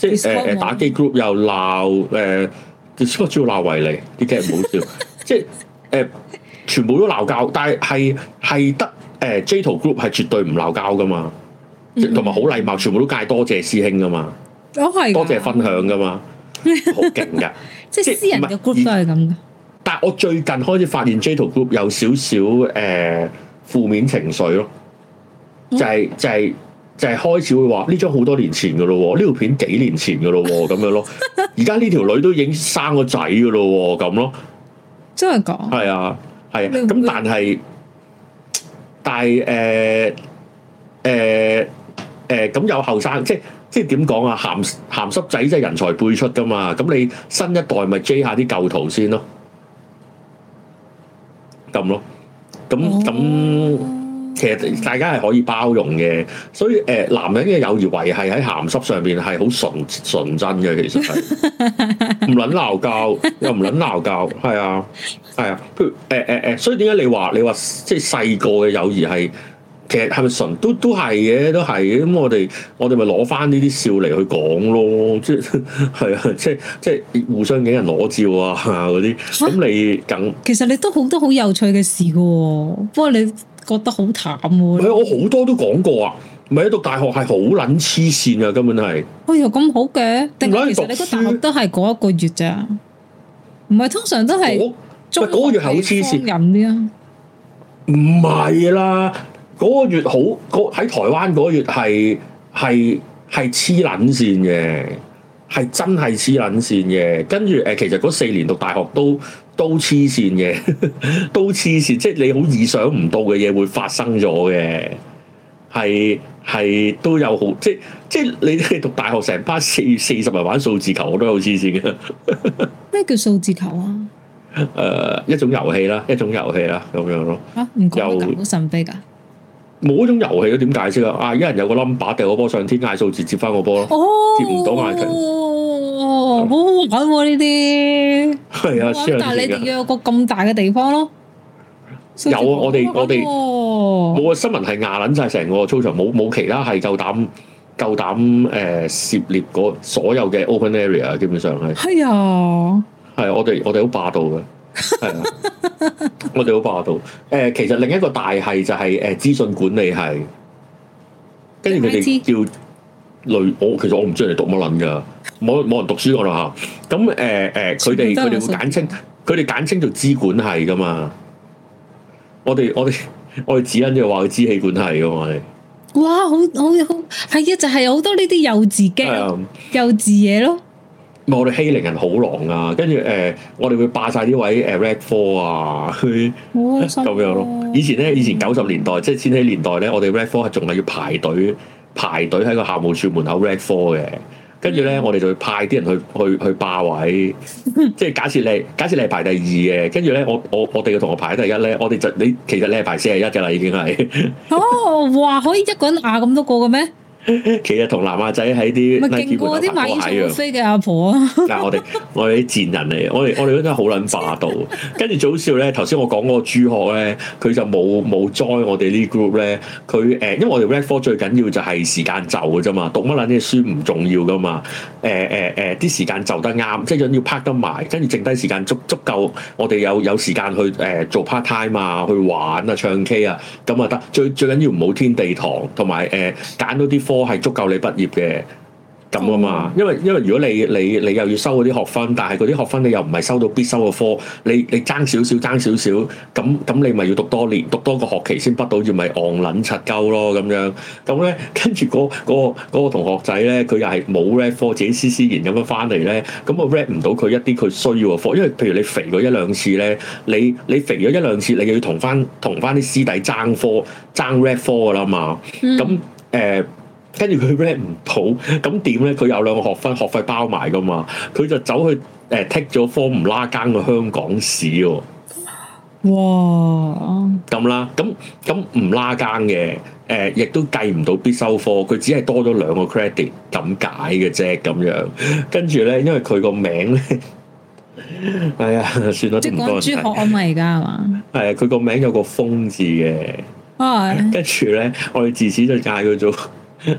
即係誒誒，打機 group 又鬧誒超 i s c 鬧維尼啲嘢唔好笑， 即係誒、呃，全部都鬧交，但係係係得誒、呃、J 圖 group 係絕對唔鬧交噶嘛，同埋好禮貌，全部都係。多謝師兄噶嘛，哦、多謝分享噶嘛，好勁噶， 即係私人嘅 group 都係咁噶。但係我最近開始發現 J 圖 group 有少少誒負面情緒咯，就係、是、就係、是。就是就是 就係開始會話呢張好多年前嘅咯，呢條片幾年前嘅咯咁樣咯。而家呢條女都已經生個仔嘅咯咁咯，真係講？係啊，係咁、啊，但係但係誒誒誒，咁、呃呃呃呃、有後生，即係即係點講啊？鹹鹹濕仔即係人才輩出噶嘛。咁你新一代咪 J 下啲舊圖先咯，咁咯，咁咁。其實大家係可以包容嘅，所以誒、呃，男人嘅友誼維繫喺鹹濕上邊係好純純真嘅，其實係唔捻鬧交又唔捻鬧交，係啊係啊，譬、啊、如誒誒誒，所以點解你話你話即係細個嘅友誼係其實係咪純都都係嘅，都係嘅，咁、啊啊、我哋我哋咪攞翻呢啲笑嚟去講咯，即係係啊，即係即係互相影人攞照啊嗰啲，咁哇你梗？其實你都好多好有趣嘅事嘅、啊，不過你。覺得好淡喎！我好多都講過啊！咪喺讀大學係好撚黐線啊，根本係。哎呀，又咁好嘅，定其實你個大學都係嗰一個月咋？唔係，通常都係。喂，嗰個月係好黐線，噉啲啊！唔係啦，嗰、嗰個月好，喺、嗰個、台灣嗰個月係係係黐撚線嘅，係真係黐撚線嘅。跟住誒，其實嗰四年讀大學都。都黐線嘅，都黐線，即係你好意想唔到嘅嘢會發生咗嘅，係係都有好，即係即係你哋讀大學成班四四十人玩數字球，我都有黐線嘅。咩叫數字球啊？誒、 呃，一種遊戲啦，一種遊戲啦，咁樣咯。吓、啊，唔講咁神秘噶？冇一種遊戲都點解釋啊？啊，一人有個 number 掟我波上天，嗌數字接翻個波咯，接唔到嗌佢。哦哦，好好玩喎！呢啲，啊，但係你哋要有個咁大嘅地方咯。有啊，我哋，我哋，冇啊，新聞係牙撚晒成個操場，冇冇其他係夠膽夠膽誒涉獵嗰所有嘅 open area，基本上係係啊，係啊，我哋我哋好霸道嘅，係啊，我哋好霸道。誒，其實另一個大係就係誒資訊管理係，跟住佢哋叫。類，我其實我唔知人哋讀乜撚噶，冇冇人讀書噶啦吓。咁誒誒，佢哋佢哋會簡稱，佢哋簡稱做支管係噶嘛。我哋我哋我哋指引都要話佢支氣管係噶嘛。我哋哇，好好好，係啊，就係、是、好多呢啲幼稚嘅、嗯、幼稚嘢咯。我哋欺凌人好狼啊，跟住誒，我哋會霸晒呢位誒 red 科啊，佢咁樣咯。以前咧，以前九十年代、嗯、即係千禧年代咧，我哋 red 科係仲係要排隊。排隊喺個校務處門口 wait 科嘅，跟住咧我哋就會派啲人去去去霸位， 即係假設你假設你係排第二嘅，跟住咧我我我哋嘅同學排第一咧，我哋就你其實你係排四廿一嘅啦，已經係。哦 ，oh，哇，可以一個人壓咁多個嘅咩？ 其實同男亞仔喺啲，勁過啲買嘢飛嘅阿婆啊！但我哋我哋啲賤人嚟，我哋我哋嗰啲好捻霸道。跟住最搞笑咧，頭先我講嗰個朱學咧，佢就冇冇 join 我哋呢 group 咧。佢誒，因為我哋 reg 科最緊要就係時間就嘅啫嘛，讀乜捻啲書唔重要噶嘛。誒誒誒，啲時間就得啱，即係要拍得埋，跟住剩低時間足足夠，我哋有有時間去誒、呃、做 part time 啊，去玩啊，唱 K 啊，咁啊得。最最緊要唔好天地堂，同埋誒揀到啲。呃科係足夠你畢業嘅咁啊嘛，因為因為如果你你你又要收嗰啲學分，但係嗰啲學分你又唔係收到必修嘅科，你你爭少少爭少少，咁咁你咪要讀多年讀多個學期先畢到業，咪戇撚柒鳩咯咁樣。咁咧跟住嗰嗰個嗰個同學仔咧，佢又係冇 read 科，自己施施然咁樣翻嚟咧，咁我 read 唔到佢一啲佢需要嘅科，因為譬如你肥咗一兩次咧，你你肥咗一兩次，你又要同翻同翻啲師弟爭科爭 read 科噶啦嘛，咁誒。跟住佢 read 唔好，咁點咧？佢有兩個學分，學費包埋㗎嘛？佢就走去誒 take 咗科唔拉更嘅香港史喎、哦，哇！咁啦，咁咁唔拉更嘅誒、欸，亦都計唔到必修科，佢只係多咗兩個 credit 咁解嘅啫，咁樣跟住咧，因為佢個名咧，係、哎、啊，算啦，即講是朱學啊嘛，而家係嘛？係啊，佢個名有個封字」字嘅，跟住咧，我哋自此就嗌佢做。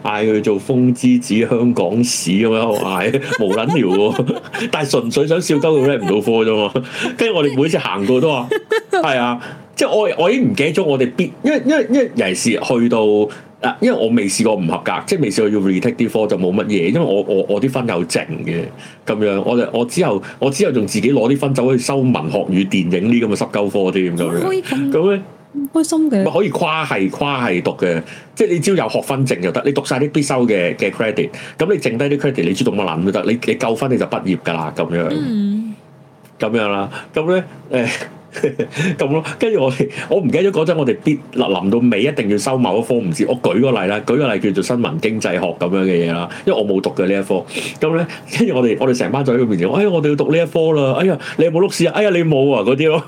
嗌佢做風之子香港史咁樣，我嗌無撚聊喎，但係純粹想笑鳩佢叻唔到科啫嘛。跟 住我哋每次行過都話係啊，即係我我已經唔記得咗我哋必，因為因為因為尤其是去到啊，因為我未試過唔合格，即係未試過要 retake 啲科就冇乜嘢，因為我我我啲分又剩嘅咁樣，我就我，我，我之後我之後仲自己攞啲分走去收文學與電影呢啲咁嘅濕鳩科添咁樣咁嘅。很 ancies. 唔開心嘅，咪可以跨系跨系讀嘅，即係你只要有學分證就得，你讀晒啲必修嘅嘅 credit，咁你剩低啲 credit 你知道揾攬都得，你你夠分你就畢業㗎啦，咁樣，咁、嗯、樣啦，咁咧誒。咁咯，跟住 我哋，我唔記得咗嗰陣，我哋必臨到尾一定要收某一科，唔知我舉個例啦，舉個例叫做新聞經濟學咁樣嘅嘢啦，因為我冇讀嘅呢一科，咁咧跟住我哋，我哋成班就喺佢面前，哎我哋要讀呢一科啦，哎呀，你有冇碌試啊？哎呀，你冇啊，嗰啲咯，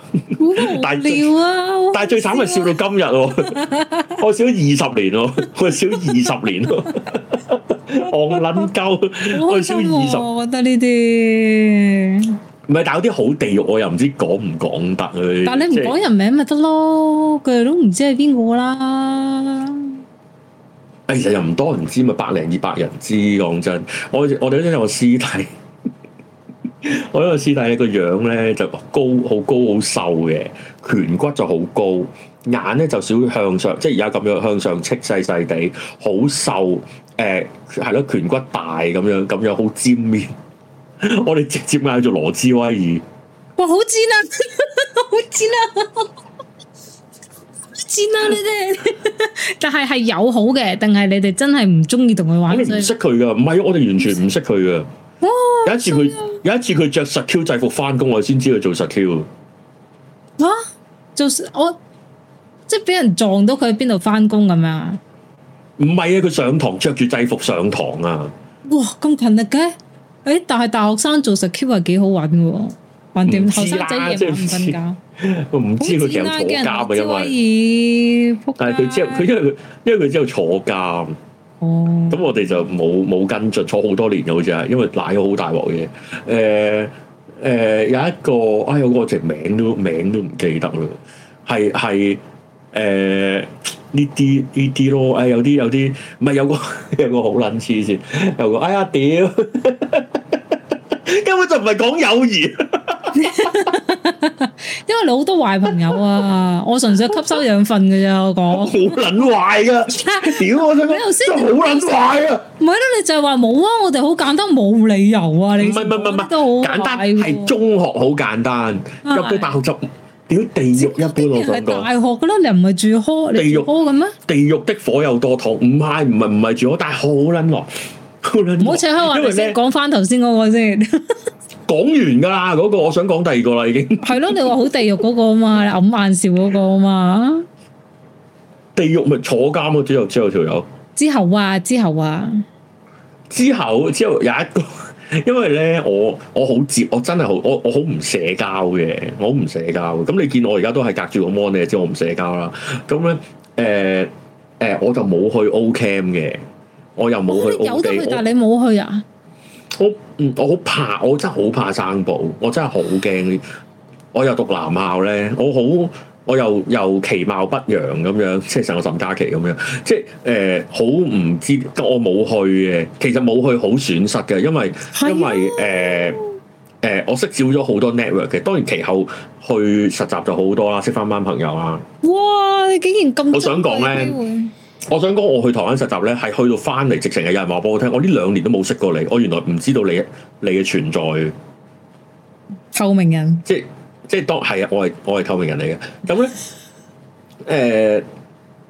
大料、啊、 但係、啊、最慘係笑到今日喎， 我笑二十年喎，我笑二十年咯，憨撚鳩，我笑二十 我覺得呢啲。唔係打嗰啲好地獄，我又唔知講唔講得佢。哎、但係你唔講人名咪得咯，佢哋都唔知係邊個啦。誒、哎，其實又唔多人知咪，百零二百人知講真。我我哋嗰陣有個師弟，我,我, 我呢個師弟呢個樣咧就高，好高好瘦嘅，顴骨就好高，眼咧就少向上，即係而家咁樣向上，戚細細地，好瘦。誒、呃，係咯，顴骨大咁樣，咁樣好尖面。 我哋直接嗌做羅志威爾，哇好賤啊，好賤啊，好賤啊！你哋但係係友好嘅，定係你哋真係唔中意同佢玩？你以我哋唔識佢噶，唔係我哋完全唔識佢噶、啊。有一次佢有一次佢着實 Q 制服翻工，我先知佢做實 Q。吓、啊，做我即係俾人撞到佢喺邊度翻工咁樣？唔係啊，佢上堂着住制服上堂啊。哇，咁勤力嘅！誒、欸，但係大學生做實 Q 係幾好玩嘅喎，還掂後生仔夜晚唔瞓覺，我唔知佢其實坐監，只可以覆。但係佢之後佢因為佢因為佢之後坐監，哦噢，咁我哋就冇冇跟進坐好多年嘅，好似係，因為瀨咗好大鑊嘢，誒、呃、誒、呃，有一個，哎呀，我成名，名都名都唔記得啦，係係。誒，呢啲呢啲咯，誒、哎，有啲有啲，唔係有個有個好撚黐線，有個， 有個哎呀屌， 根本就唔係講友誼， 因為你好多壞朋友啊，我純粹吸收養分嘅啫，我講好撚壞噶， 屌我聽，你剛真係好撚壞啊，唔係咧，你就係話冇啊，我哋好簡單，冇理由啊，你唔係唔係唔係，都好簡單，係中學好簡單，入到大學就。屌地獄一般老豆個，大學噶啦，你唔係住呵，你住呵咁咩？地獄的火又多燙？唔係唔係唔係住我，但係好捻耐。唔好扯開話，你先講翻頭先嗰個先。講完噶啦，嗰個我想講第二個啦，已經係咯。你話好地獄嗰個啊嘛，揞眼笑嗰個啊嘛，地獄咪坐監咯？之後之後條友之後啊之後啊之後之後有一個。 因為咧，我我好接，我真係好，我我好唔社交嘅，我好唔社交。咁你見我而家都係隔住個 mon 嘅，你知我唔社交啦。咁咧，誒、呃、誒、呃，我就冇去 O camp 嘅，我又冇去 B，我。我有去，但係你冇去啊？我我好怕，我真係好怕生保，我真係好驚。我又讀男校咧，我好。我又又其貌不揚咁樣，即係成個沈佳宜咁樣，即係誒好唔知，我冇去嘅，其實冇去好損失嘅，因為、啊、因為誒誒、呃呃，我識少咗好多 network 嘅，當然其後去實習就好多啦，識翻班朋友啦。哇！你竟然咁，我想講咧，我想講，我去台灣實習咧，係去到翻嚟，直情係有人話俾我聽，我呢兩年都冇識過你，我原來唔知道你嘅存在，臭名人，即係。即係當係啊！我係我係透明人嚟嘅，咁咧，誒、呃、誒、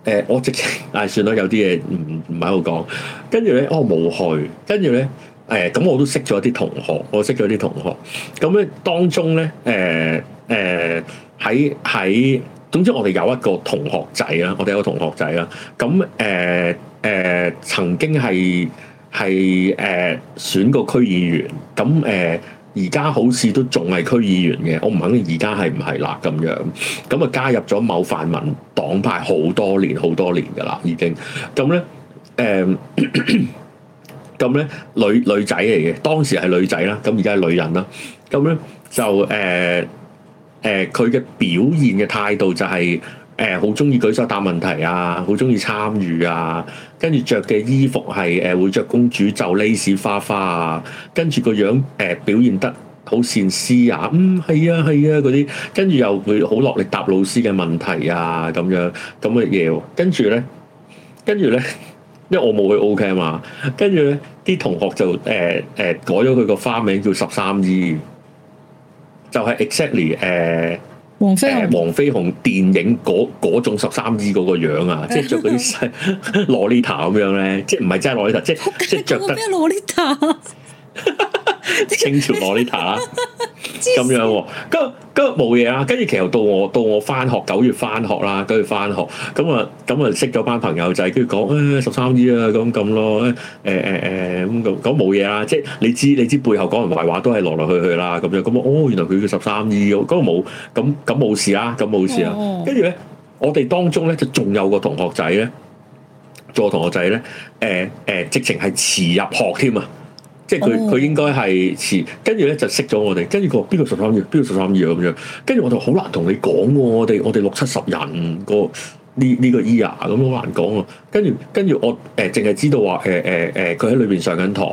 呃，我直情唉，算啦，有啲嘢唔唔喺度講。跟住咧，我冇去。跟住咧，誒、呃，咁我都識咗一啲同學，我識咗啲同學。咁咧當中咧，誒、呃、誒，喺、呃、喺，總之我哋有一個同學仔啦，我哋有一個同學仔啦。咁誒誒，曾經係係誒選過區議員，咁誒。呃而家好似都仲係區議員嘅，我唔肯定而家係唔係啦咁樣。咁啊，加入咗某泛民黨派好多年、好多年㗎啦，已經。咁咧，誒、呃，咁咧女女仔嚟嘅，當時係女仔啦，咁而家係女人啦。咁咧就誒誒，佢、呃、嘅、呃、表現嘅態度就係、是。誒好鍾意舉手答問題啊，好鍾意參與啊，跟住着嘅衣服係誒、呃、會着公主袖蕾絲花花啊，跟住個樣誒、呃、表現得好善思啊，嗯係啊係啊嗰啲，跟住又會好落力答老師嘅問題啊咁樣咁嘅嘢喎，跟住咧跟住咧，因為我冇佢 OK 啊嘛，跟住咧啲同學就誒誒、呃呃、改咗佢個花名叫十三姨，就係、是、exactly 誒、呃。誒黃飛、呃、飛鴻電影嗰種十三姨嗰個樣啊，即係着嗰啲洛莉塔咁樣咧，即係唔係真係洛莉塔， 即係即係著。咩洛麗塔？清朝羅麗塔啦，咁 樣跟跟冇嘢啦，跟住其實到我到我翻學九月翻學啦，跟住翻學咁啊咁啊識咗班朋友仔，跟住講，誒十三姨啊咁咁咯，誒誒誒咁咁冇嘢啊，即係你知你知，你知背後講人壞話都係嚟嚟去去啦，咁樣咁哦，原來佢叫十三姨，咁啊冇咁咁冇事啊，咁冇事啊，跟住咧我哋當中咧就仲有個同學仔咧，做我同學仔咧，誒、欸、誒、欸、直情係遲入學添啊！即係佢佢應該係遲，跟住咧就識咗我哋，跟住個邊個十三月，邊個十三月咁樣，跟住我就好難同你講喎、啊，我哋我哋六七十人個呢呢個 year 咁好難講啊，跟住跟住我誒淨係知道話誒誒誒佢喺裏邊上緊堂，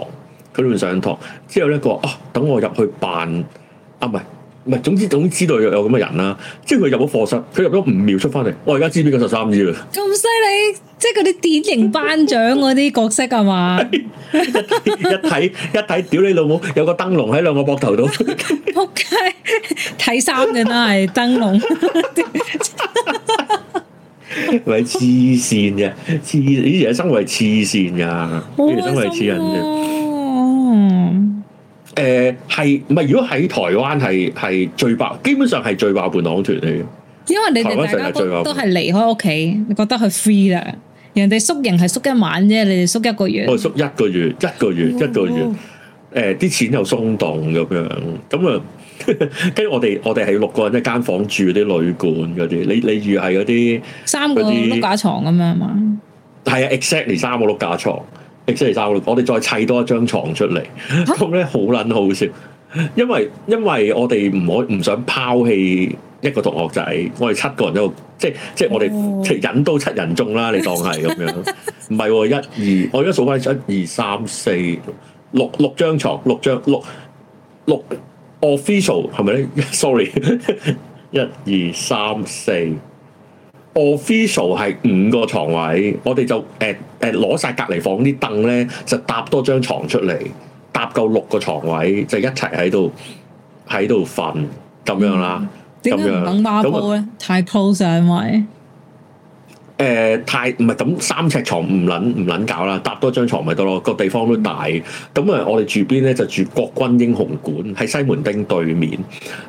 佢裏邊上緊堂，之後咧佢話哦等我入去辦啊唔係。唔係，總之總知道有咁嘅人啦。即係佢入咗課室，佢入咗五秒出翻嚟，我而家知邊個十三 G 啦。咁犀利，即係嗰啲典型班長嗰啲角色係嘛 ？一睇一睇，屌你老母，有個燈籠喺兩個膊頭度。扑 街， 睇衫嘅都係燈籠。喂，黐線嘅，黐以前係生活黐線噶，以前生活黐人嘅。誒，係唔係？如果喺台灣係係最爆，基本上係最爆伴郎團嚟嘅。因為你哋大家都係離開屋企，你覺得佢 free 啦。人哋宿營係宿一晚啫，你哋宿一個月。我宿一個月，一個月，哦哦一個月。誒、呃，啲錢又鬆動咁樣，咁啊，跟 住我哋我哋係六個人一間房間住啲旅館嗰啲。你你住係嗰啲三個碌架床咁樣嘛？係啊，exactly 三個碌架床。星期三，我哋再砌多一張床出嚟，咁咧好撚好笑，因為因為我哋唔可唔想拋棄一個同學仔，我哋七個人喺度，即即我哋即人都七人中啦，你當係咁樣，唔係，一二，我而家數返一二三四六六張床，六張六六 official 係咪咧？Sorry，一二三四。Official 係五個床位，我哋就誒誒攞晒隔離房啲凳咧，就搭多張床出嚟，搭夠六個床位，就一齊喺度喺度瞓咁樣啦。點解、嗯、樣等孖鋪咧？樣太 close 係咪？嗯誒、呃、太唔係咁三尺床唔撚唔撚搞啦，搭多張床咪得咯，個地方都大。咁啊，我哋住邊咧？就住國軍英雄館，喺西門町對面。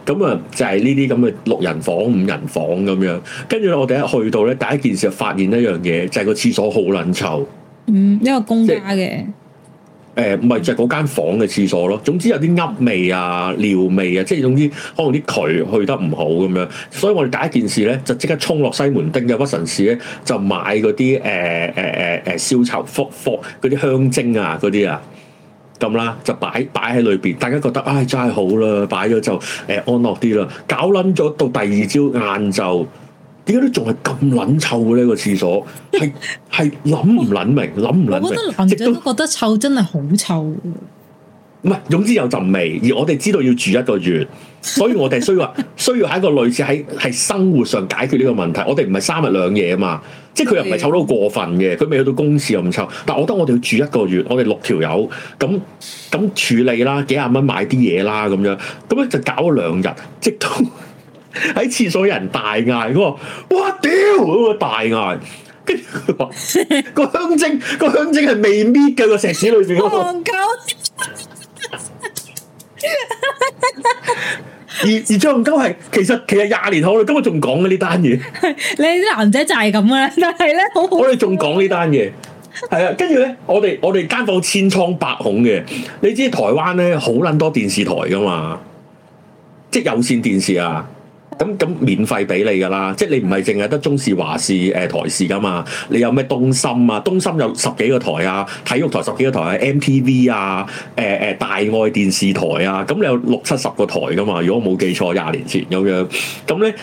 咁啊，就係呢啲咁嘅六人房、五人房咁樣。跟住咧，我哋一去到咧，第一件事就發現一樣嘢，就係、是、個廁所好撚臭。嗯，一個公家嘅。就係誒，唔係，就係嗰間房嘅廁所咯，總之有啲噏味啊、尿味啊，即係總之可能啲渠去得唔好咁樣，所以我哋第一件事咧，就即刻沖落西門町嘅屈臣氏咧，就買嗰啲誒誒誒誒消臭、福福嗰啲香精啊嗰啲啊，咁啦就擺擺喺裏邊，大家覺得唉、哎，真係好啦，擺咗就誒、呃、安樂啲啦，搞撚咗到第二朝晏晝。點解都仲係咁捻臭嘅呢？這個廁所係係諗唔捻明，諗唔捻明，我覺得直到都覺得臭，真係好臭。唔係，總之有陣味。而我哋知道要住一個月，所以我哋需要 需要喺一個類似喺係生活上解決呢個問題。我哋唔係三日兩夜啊嘛，即係佢又唔係臭到過分嘅，佢對 未去到公廁咁臭。但我覺得我哋要住一個月，我哋六條友咁咁處理啦，幾廿蚊買啲嘢啦，咁樣咁樣就搞咗兩日，直到…… 喺廁所有人大嗌嗰個，哇屌嗰個大嗌，跟住佢話個香精個香精係未搣嘅個石屎裏邊嗰個。橡膠 而而橡膠係其實其實廿年後啦，今日仲講嘅呢單嘢。 你啲男仔就係咁嘅啦，但係咧好好。我哋仲講呢單嘢，係啊，跟住咧，我哋我哋間房千瘡百孔嘅。你知台灣咧好捻多電視台噶嘛，即係有線電視啊。咁咁免費俾你噶啦，即係你唔係淨係得中視、華視、誒台視噶嘛？你有咩東森啊？東森有十幾個台啊，體育台十幾個台啊，MTV 啊啊，誒誒大愛電視台啊，咁你有六七十個台噶嘛？如果冇記錯，廿年前咁樣。咁咧，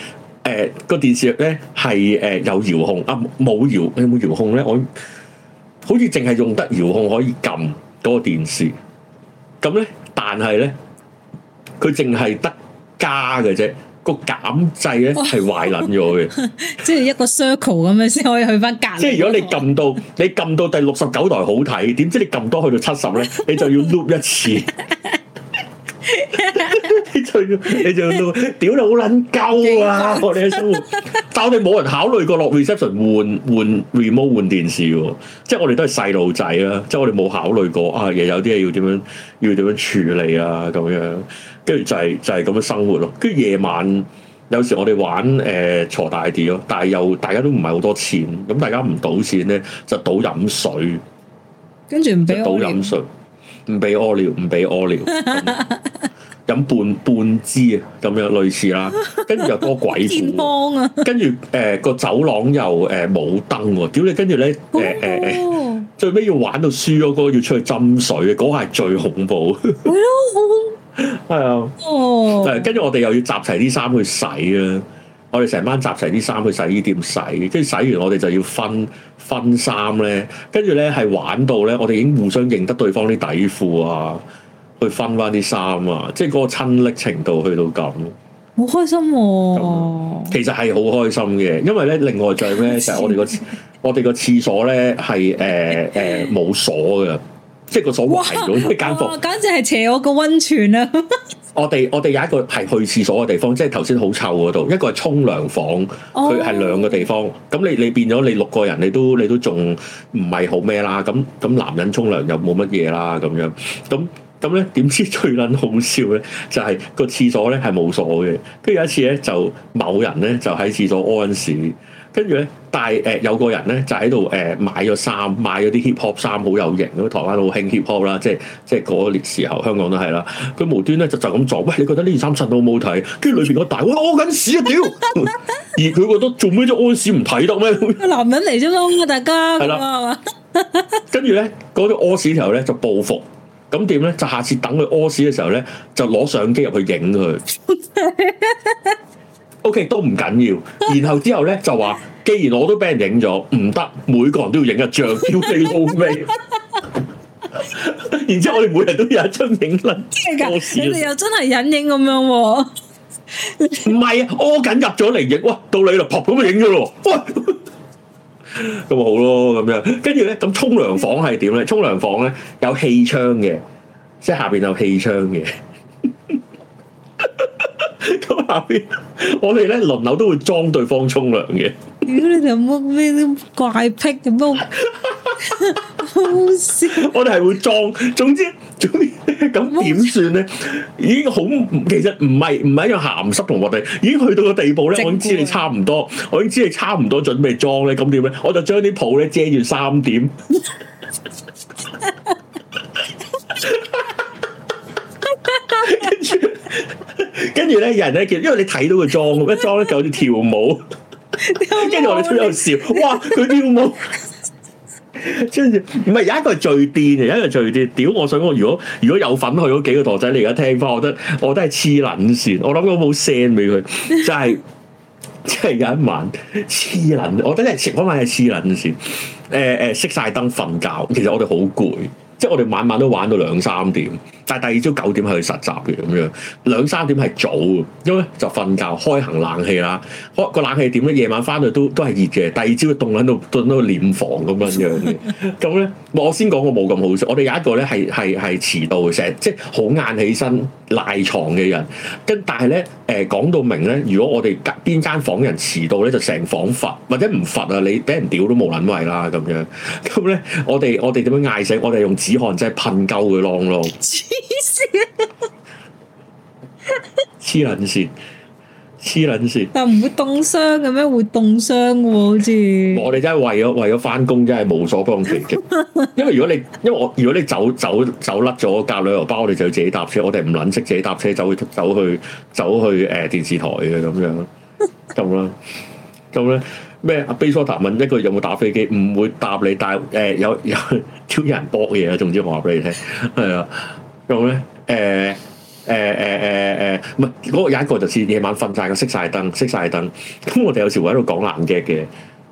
誒個電視咧係誒有遙控啊，冇遙有冇遙控咧？我好似淨係用得遙控可以撳個電視。咁咧，但係咧，佢淨係得加嘅啫。個減掣咧，係壞捻咗嘅，即係一個 circle 咁樣先可以去翻隔。即係如果你撳到你撳到第六十九台好睇，點知你撳多去到七十咧，你就要碌一次，你就要你就要屌你好撚鳩啊！挺我哋生活， 但我哋冇人考慮過落 reception 換換 remote 換電視，即係我哋都係細路仔啊，即係我哋冇考慮過啊，又有啲嘢要點樣要點樣處理啊，咁樣。跟住就係、是、就係、是、咁樣生活咯。跟住夜晚有時我哋玩誒、呃、鋤大 D 咯，但係又大家都唔係好多錢，咁大家唔賭錢咧就賭飲水，跟住唔俾我賭飲水，唔俾屙尿，唔俾屙尿，飲 半半支咁樣類似啦。有多啊、跟住又個鬼火，跟住誒個走廊又誒冇、呃、燈喎。屌你，跟住咧誒誒誒，最尾要玩到輸咗，那個、要出去浸水，嗰下係最恐怖。係咯。係啊，誒， 跟住我哋又要集齊啲衫去洗啊。我哋成班集齊啲衫去洗衣店洗，跟住洗完我哋就要分分衫咧，跟住咧係玩到咧，我哋已經互相認得對方啲底褲啊，去分翻啲衫啊，即係嗰個親暱程度去到咁，好開心喎、哦！其實係好開心嘅，因為咧另外仲有咩？就係、是、我哋個 我哋個廁所咧係誒誒冇鎖嘅。即係個鎖壞咗一間房間、哦，簡直係邪我個温泉啊， 我哋我哋有一個係去廁所嘅地方，即係頭先好臭嗰度，一個係沖涼房，佢係兩個地方。咁、哦、你你變咗你六個人，你都你都仲唔係好咩啦？咁咁男人沖涼又冇乜嘢啦，咁樣咁咁咧，點知最捻好笑咧，就係個廁所咧係冇鎖嘅。跟住有一次咧，就某人咧就喺廁所屙屎。跟住咧，但係誒、呃、有個人咧就喺度誒買咗衫，買咗啲 hip hop 衫好有型，因為台灣好興 hip hop 啦，即係即係嗰年時候香港都係啦。佢無端咧就就咁撞，喂、哎，你覺得呢件衫襯到冇睇？跟住裏邊個大佬屙緊屎啊！屌，而佢覺得做咩都屙屎唔睇得咩？ 男人嚟咗啫嘛，大家係啦，係嘛了？跟住咧，嗰個屙屎時候咧就報復，咁點咧？就下次等佢屙屎嘅時候咧，就攞相機入去影佢。 其實、okay，都唔緊要，然後之後咧就話，既然我都俾人影咗，唔得，每個人都要影一張 Q Q 飛， 然之後我哋每日都有一張影啦，你哋是又真係隱影咁樣，唔 係啊，我緊入咗嚟影。喎，到你度撲咁就影咗咯，咁咪好咯，咁樣，跟住咧，咁沖涼房係點咧？沖涼房咧有氣窗嘅，即係下邊有氣窗嘅。 咁下邊， 我哋咧輪流都會裝對方沖涼嘅。屌你哋乜咩啲怪癖咁咩？好笑！ 我哋係會裝，總之總之，咁點算咧？已經好，其實唔係唔係一樣鹹濕同臥底，已經去到個地步咧。乖我已經知你差唔多，我已經知你差唔多準備裝咧。咁點咧？我就將啲泡咧遮住三點。 跟住咧，人咧見，因為你睇到佢裝，一裝咧就好似跳舞。跟住 我哋都有笑，哇！佢跳舞，跟住唔係有一個係最癲嘅，有一個最癲。屌，我想我如果如果有份去嗰幾個台仔，你而家聽翻，我覺得我都係痴捻線。我諗我冇 send 俾佢，就係即係有一晚痴捻，我覺得前嗰晚係痴捻線。誒、呃、誒，熄、呃、晒燈瞓覺。其實我哋好攰，即係我哋晚晚都玩到兩三點。但係第二朝九點係去實習嘅，咁樣，兩三點係早，因為就瞓覺開行冷氣啦，開個冷氣點咧？夜晚翻去都都係熱嘅，第二朝凍喺度，凍到殮房咁樣的 樣嘅，咁咧我先講我冇咁好笑，我哋有一個咧係係係遲到嘅成日，即係好晏起身。賴床嘅人，跟但係咧，誒、呃、講到明咧，如果我哋間邊間房人遲到咧，就成房罰，或者唔罰啊？你俾人屌都冇撚位啦咁樣，咁咧我哋我哋點樣嗌醒？我哋用止汗劑噴鳩佢窿咯，黐線，黐撚線。 黐撚線，但唔會凍傷嘅咩？會凍傷喎，好似。 我哋真係為咗為咗翻工，真係無所幫助嘅。 因為如果你因為我如果你走走走甩咗架旅遊巴，我哋就要自己搭車。我哋唔撚識自己搭車就會走，走去走去走去誒、呃、電視台嘅咁樣， 咁樣，咁啦，咁咧？咩？阿 Bisota 問一句有冇搭飛機？唔會搭你，但係誒有有超人搏嘢啊！總之我話俾你聽，係啊，咁咧誒。誒誒誒誒，唔係嗰個有一個就似夜晚瞓晒嘅，熄晒燈，熄晒燈。咁我哋有時會喺度講冷劇嘅，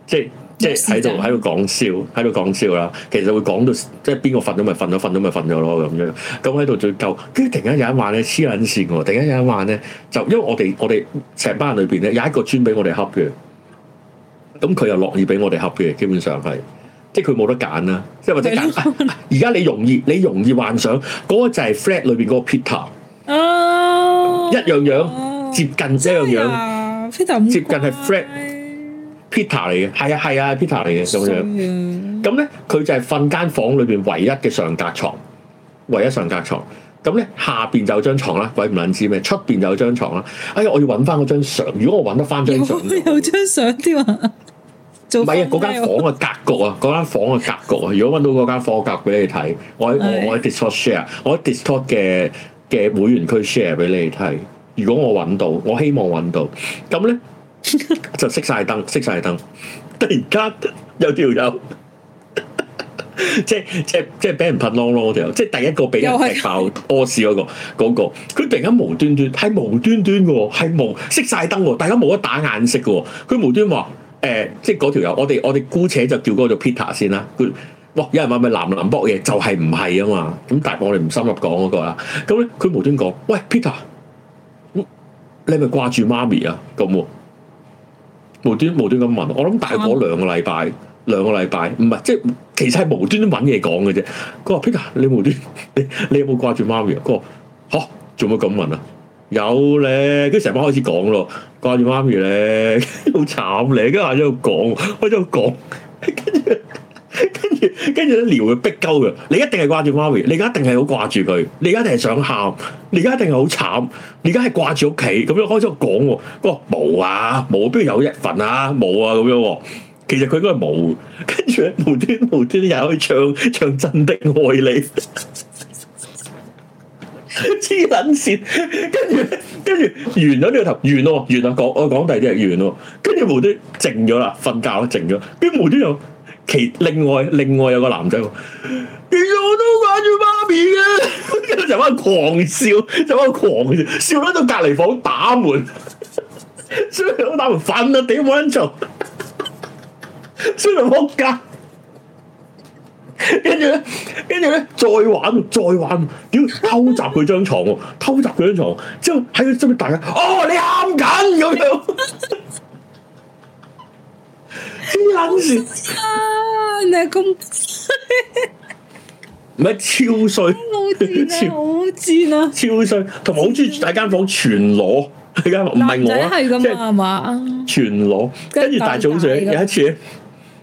即係即係喺度喺度講笑，喺度講笑啦。其實會講到即係邊個瞓咗咪瞓咗，瞓咗咪瞓咗咯咁樣。咁喺度最鳩，跟住突然間有一晚咧黐撚線喎，突然間有一晚咧就因為我哋我哋成班裏邊咧有一個專俾我哋恰嘅，咁佢又樂意俾我哋恰嘅，基本上係即係佢冇得揀啦，即係或者揀。而家你容易你容易幻想嗰個就係 flat 裏邊嗰個 Peter。啊，一樣樣，接近一樣樣，接近係 Fred Peter 嚟嘅，係啊係啊 Peter 嚟嘅咁樣。咁咧佢就係瞓間房裏邊唯一嘅上格床，唯一上格床。咁咧下邊就有張床啦，鬼唔撚知咩？出邊就有張床啦。哎呀，我要揾翻嗰張相。如果我揾得翻張相，有張相添啊？唔係啊？嗰間房嘅格局啊，嗰間房嘅格局啊。如果揾到嗰間房格俾你睇，我我我喺 Discord share，我喺 Discord 嘅嘅會員區 share 俾你睇，如果我揾到，我希望揾到，咁咧 就熄晒燈，熄晒燈。突然間有條友，即係即係即係俾人噴窿窿條，即、即係、第一個俾人踢爆屙屎嗰個嗰個，佢、嗰個、突然間無端端係無端端嘅，係無熄晒燈，大家冇得打眼色嘅，佢無端話誒，即嗰條友，我哋我哋姑且就叫嗰個叫 Peter 先啦。有人問咪南南博嘢就係唔係啊嘛？咁大個我哋唔深入講嗰個啦。咁咧佢無端講，喂 Peter，喂你係咪掛住媽咪啊？咁喎、啊，無端無端咁問。我諗大概兩個禮拜，兩個禮拜唔係即係其實係無端端揾嘢講嘅啫。佢話 Peter，你無端你你有冇掛住媽咪啊？佢話嚇，做乜咁問啊？有咧，跟住成班開始講咯，掛住媽咪咧，好 慘咧，跟住喺度講，喺度講，跟住。 跟住，跟住咧撩佢逼鳩嘅，你一定係掛住媽咪，你而家一定係好掛住佢，你而家一定係想喊，你而家一定係好慘，你而家係掛住屋企咁樣，開始我講喎，我冇啊，冇，不有一份啊，冇啊，咁樣，其實佢應該係冇，跟住無端無端又可以唱唱真的愛你，黐撚線，跟住跟住完咗呢個頭，完咯，完啦，講我講第二啲，完咯，跟住無端靜咗啦，瞓覺都靜咗，跟住無端又。其另外另外有個男仔，其實我都掛住媽咪嘅，跟 住就喺度狂笑，就喺度狂笑，笑到隔離房打門，想 打門，啊，瞓啦，點冇人做，孫龍仆街。跟住咧，跟住咧，再玩，再玩，屌偷襲佢張床喎，偷襲佢張床，之後，喺度，喺度，大家，哦，你啱緊咁樣。 好冷血啊！你咁唔係超衰，超賤啊！好賤啊！超衰、啊，同埋好中意大間房全裸，大間房唔係我啊，咁係嘛？全裸？跟住大早上大大有一次，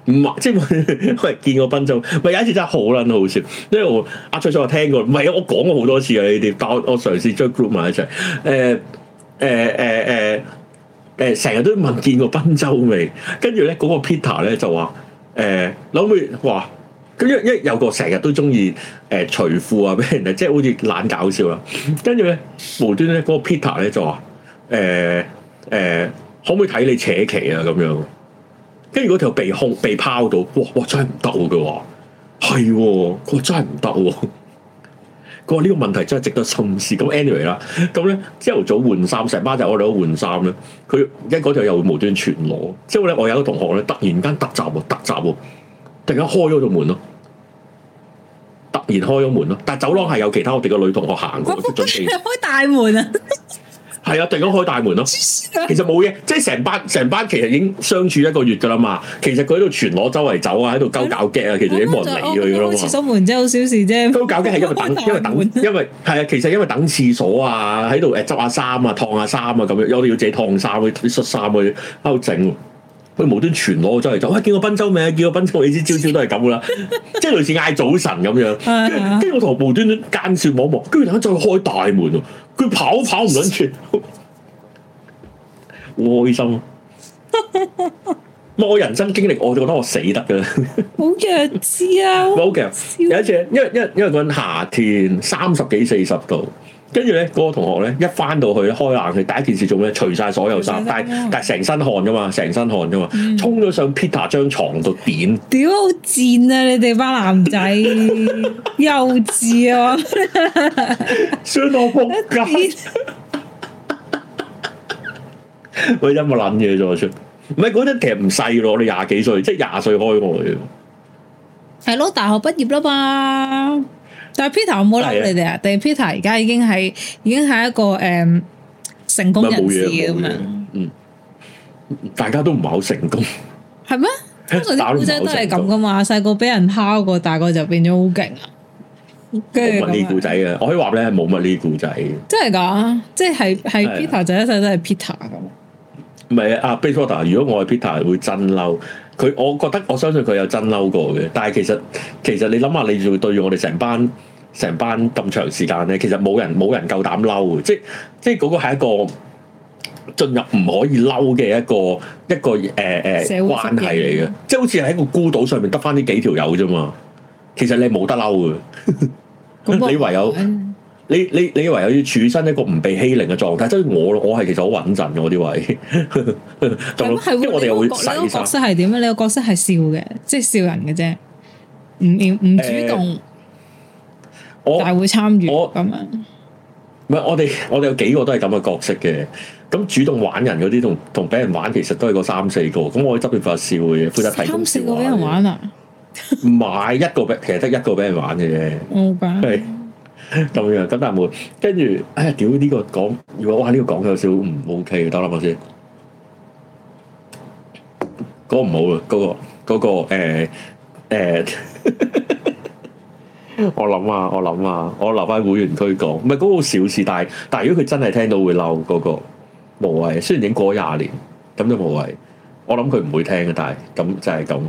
唔係即係喂， 見過濱州，咪有一次真係好撚好笑，因為我阿、啊、翠翠我聽過，唔係我講過好多次啊，你哋，但係我嘗試將 group 埋一齊，誒誒誒誒。呃呃呃呃呃呃呃誒成日都問見過賓州未？跟住咧嗰個 Peter 咧就話：誒可唔可以話？咁一一有個成日都中意誒除褲啊咩人哋，即係好似懶搞笑啦。跟住咧無端咧嗰、那個 Peter 咧就話：誒、呃、誒、呃、可唔可以睇你扯旗啊？咁樣，跟住嗰條鼻控被拋到，哇哇真係唔得喎！佢係喎，佢、哦、真係唔得喎。佢話呢個問題真係值得深思。咁 anyway 啦、嗯，咁咧朝頭早換衫，成班就我哋都換衫咧。佢一嗰條又無端全裸，之後咧我有個同學咧突然間突襲喎，突襲喎，突然間開咗度門咯，突然開咗門咯。但係走廊係有其他我哋嘅女同學行過， 準備 開大門啊！ 係啊，突然間開大門咯，其實冇嘢，即係成班成班其實已經相處一個月噶啦嘛。其實佢喺度全裸周圍走啊，喺度鳩搞 g 啊，的其實已經冇人理佢噶啦嘛。開廁所門真係好小事啫。鳩搞 g e 係因為等，因為等，因為係啊，其實因為等廁所啊，喺度誒執下衫啊，燙下衫啊，咁樣有啲要自己燙衫，啲恤衫去喺度整，佢無端全裸周圍走。喂，見過賓周未？見過賓周，你知朝朝都係咁噶啦， 即係類似嗌早晨咁樣。跟住我同佢無端端奸笑望望，跟住等然再開大門。佢跑跑唔想轉，開 愛心。咪 我人生經歷，我就覺得我死得嘅。 好弱智啊！好嘅。有一次，因為因為因為嗰陣夏天三十幾四十度。跟住咧，嗰、那個同學咧一翻到去開冷氣，第一件事做咩？除晒所有衫光，但係但係成身汗噶嘛，成身汗噶嘛，衝咗、嗯、上 Peter 張牀度點？屌，好賤啊！你哋班男仔 幼稚啊！雙刀風格，佢陰冇諗嘢做出，唔係嗰陣其實唔細咯，你廿幾歲，即係廿歲開外啊！係咯，大學畢業啦嘛～但 Peter 我冇諗你哋啊，但的 Peter 而家已經係已經係一個誒、嗯、成功人士咁樣，嗯，大家都唔係好成功，係咩？通常啲古仔都係咁噶嘛，細個俾人敲過，大個就變咗好勁啊！冇乜呢啲故仔嘅，的我可以話你係冇乜呢啲故仔真係噶，即係係 Peter 仔一世都係 Peter 咁。唔係啊 b a e p o t a 如果我係 Peter 會震嬲。佢，我覺得我相信佢有真嬲過嘅，但係其實其實你諗下，你仲對住我哋成班成班咁長時間咧，其實冇人冇人夠膽嬲嘅，即即嗰個係一個進入唔可以嬲嘅一個一個誒誒、呃、關係嚟嘅，即係好似喺個孤島上面得翻呢幾條友啫嘛，其實你冇得嬲嘅， 不 你唯有。嗯你你你以為又要處身一個唔被欺凌嘅狀態？即係我我係其實好穩陣嘅我啲位，因為我哋又會細殺。角色係點啊？你個角色係笑嘅，即係笑人嘅啫，唔唔主動，欸、但係會參與咁樣。唔係我哋我哋有幾個都係咁嘅角色嘅，咁主動玩人嗰啲同同俾人玩其實都係個三四個。咁我執住份笑嘅，負責睇。貪笑俾人玩啊？買一個俾，其實得一個俾人玩嘅啫。冇辦 咁樣咁但係冇跟住唉屌呢個講，如果，講如果哇呢、這個講有少唔 OK 嘅，得啦，我先，嗰、那個唔好啦，嗰、那個、那個誒誒，欸欸、 我諗啊，我諗啊，啊，我留翻會員區講，唔係嗰個小事，但係但係如果佢真係聽到會嬲，嗰、那個無謂，雖然已經過咗廿年，咁就無謂。我諗佢唔會聽嘅，但係咁就係、是、咁，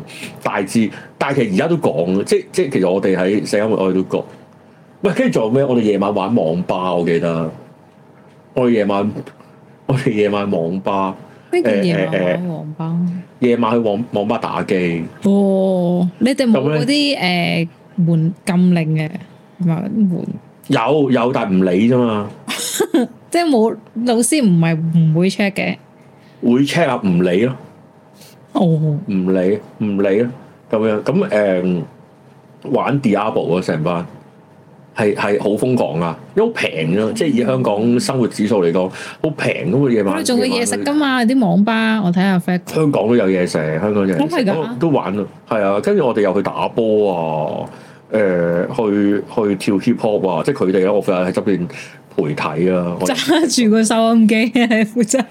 大致但係其實而家都講嘅，即即係其實我哋喺社交網我哋都講。喂，跟住做咩？我哋夜晚玩網吧，我記得。我哋夜晚，我哋夜晚網吧。咩叫夜晚玩網吧？呃呃、夜晚去網網吧打機。哦，你哋冇嗰啲誒，門禁令嘅，係嘛門？有有，但係唔理啫嘛。 即係冇老師唔係唔會 check 嘅。會 check 啊？唔理咯。哦。唔理唔理咯，咁樣咁誒、呃，玩 Diablo 啊，成班。係係好瘋狂啊！又平咯，即係以香港生活指數嚟講，好平咁嘅嘢嘛。佢做個嘢食噶嘛，啲網吧我睇下。香港都有嘢食，香港有。都係噶。都玩咯，係啊！跟住我哋又去打波啊，誒，去去跳 hip hop 啊，即係佢哋啊！我 friend 喺側邊陪睇啊，揸住個收音機負責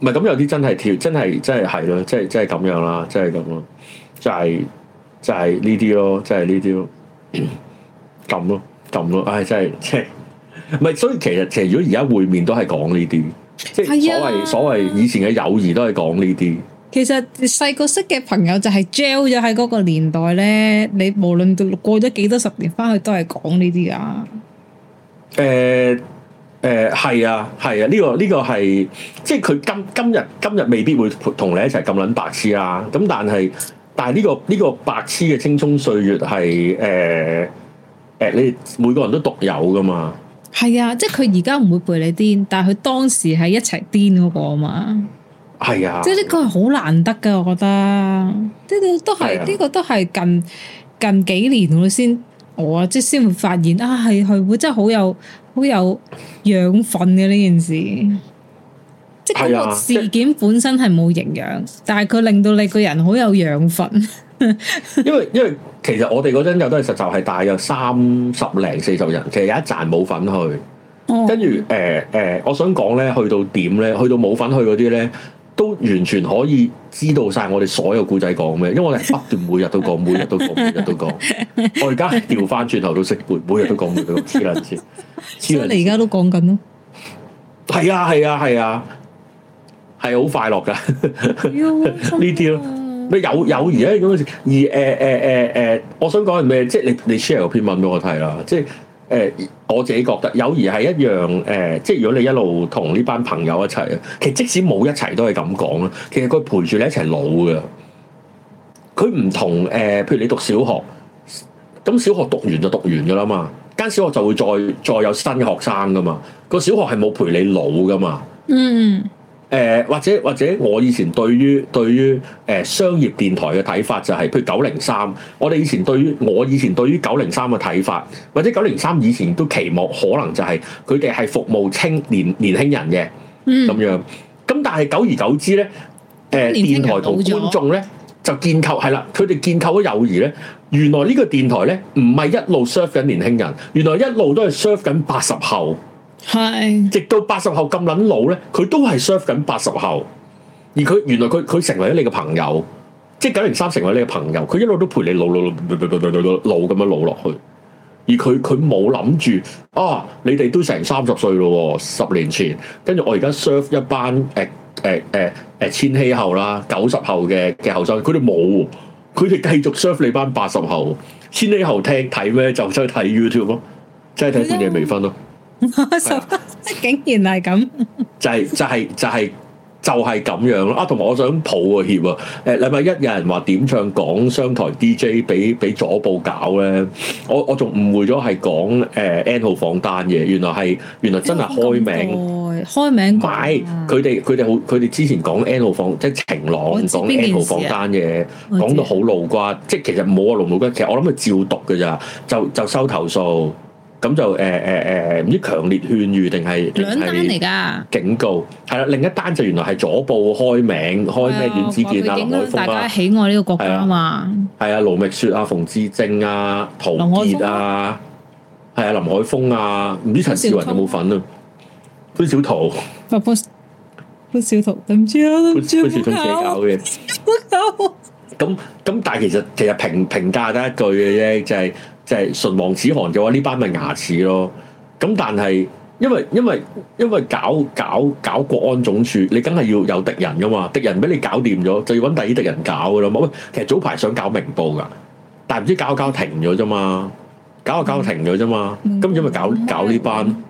唔係咁，有啲真係跳，真係真係係咯，即係真係咁樣啦，即係咁咯，就係就係呢啲咯，即係呢啲咯，咁咯。咁咯，唉，真係，即係，唔係，所以其實，其實如果而家會面都係講呢啲，即係所謂、哎、呀所謂以前嘅友誼都係講呢啲。其實細個識嘅朋友就係 gel 咗喺嗰個年代咧，你無論過咗幾多十年，翻去都係講呢啲啊。誒誒、呃，係啊係啊，呢、啊這個呢、這個係，即係佢今今日今日未必會同你一齊咁撚白痴啊。咁但係但係呢、這個呢、這個白痴嘅青蔥歲月係誒。呃誒，你每個人都獨有噶嘛？係啊，即係佢而家唔會陪你癲，但係佢當時係一齊癲嗰個啊嘛。係啊，即係呢個係好難得噶，我覺得呢、呢個都係呢、啊、個都係近近幾年我先我即係先會發現啊，係佢會真係好有好有養分嘅呢件事。即係個事件、啊、事件本身係冇營養，啊、但係佢令到你個人好有養分。 因為因為其實我哋嗰陣有都係實習係大約三十零四十人，其實有一站冇份去，跟住，誒誒，我想講咧，去到點咧，去到冇份去嗰啲咧，都完全可以知道晒我哋所有故仔講咩，因為我哋不斷每日都講，每日都講，每日都講，我而家調翻轉頭都識背，每日都講，每日都講，黐唔黐？黐啊！你而家都講緊咯，係啊係啊係啊，係好快樂噶，呢啲咯。 咩友友誼咧咁嘅事，而誒誒誒誒，我想講係咩？即係你你 share 個篇文俾我睇啦。即係誒，我自己覺得友誼係一樣誒，即係如果你一路同呢班朋友一齊，其實即使冇一齊都係咁講啦。其實佢陪住你一齊老嘅，佢唔同誒。譬如你讀小學，咁小學讀完就讀完噶啦嘛，間小學就會再再有新嘅學生噶嘛，個小學係冇陪你老噶嘛。嗯。誒、呃、或者或者我以前對於對於誒、呃、商業電台嘅睇法就係，譬如九零三，我哋以前對於我以前對於九零三嘅睇法，或者九零三以前都期望可能就係佢哋係服務青年年輕人嘅，咁、嗯、樣。咁但係久而久之咧，誒、呃、輕電台同觀眾咧就建構係啦，佢哋建構咗友誼咧，原來呢個電台咧唔係一路 serve 緊年輕人，原來一路都係 serve 緊八十後。係，直到八十後咁撚老咧，佢都係 serve 緊八十後，而佢原來佢佢成為咗你嘅朋友，即係九零三成為你嘅朋友，佢一路都陪你老老老老老老老咁樣老落去，而佢佢冇諗住啊，你哋都成三十歲咯，十年前，跟住我而家 serve 一班誒誒誒誒千禧後啦，九十後嘅嘅後生，佢哋冇，佢哋繼續 serve 你班八十後,後千禧後聽睇咩，就去睇,真係睇 YouTube 咯，即係睇半夜微醺咯。 竟然係咁、 就是，就係、是、就係、是、就係、是、就係、是、咁樣咯。啊，同埋我想抱個歉啊。誒、啊，禮拜一有人話點唱講商台 DJ 俾俾左部搞咧，我我仲誤會咗係講誒 N 號房單嘢，原來係原來真係開名開名，唔係佢哋佢哋好佢哋之前講 N 號房即係晴朗講 N 號房單嘢，講到好露骨，即係其實冇啊露不露骨。其實我諗佢照讀噶咋，就就，就收投訴。咁就誒誒誒，唔知強烈勸喻定係兩單嚟噶？警告係啦，另一單就原來係左報開名開咩？點子見啊？大家喜愛呢個國家嘛？係啊，盧覓雪啊，馮志正啊，陶傑啊，係啊，林海峰啊，唔知陳志雲有冇份啊？潘、潘小濤，潘小濤點知咯？潘小濤自己搞嘅，咁咁，但係其實其實評評價得一句嘅啫，就係。就係唇亡齒寒嘅話，呢班咪牙齒咯。咁但係，因為因為因為搞搞搞國安總署，你梗係要有敵人噶嘛。敵人俾你搞掂咗，就要揾第二敵人搞噶啦。冇，其實早排想搞明報噶，但係唔知搞搞停咗啫嘛，搞搞停咗啫嘛。咁因為搞、嗯、搞呢班。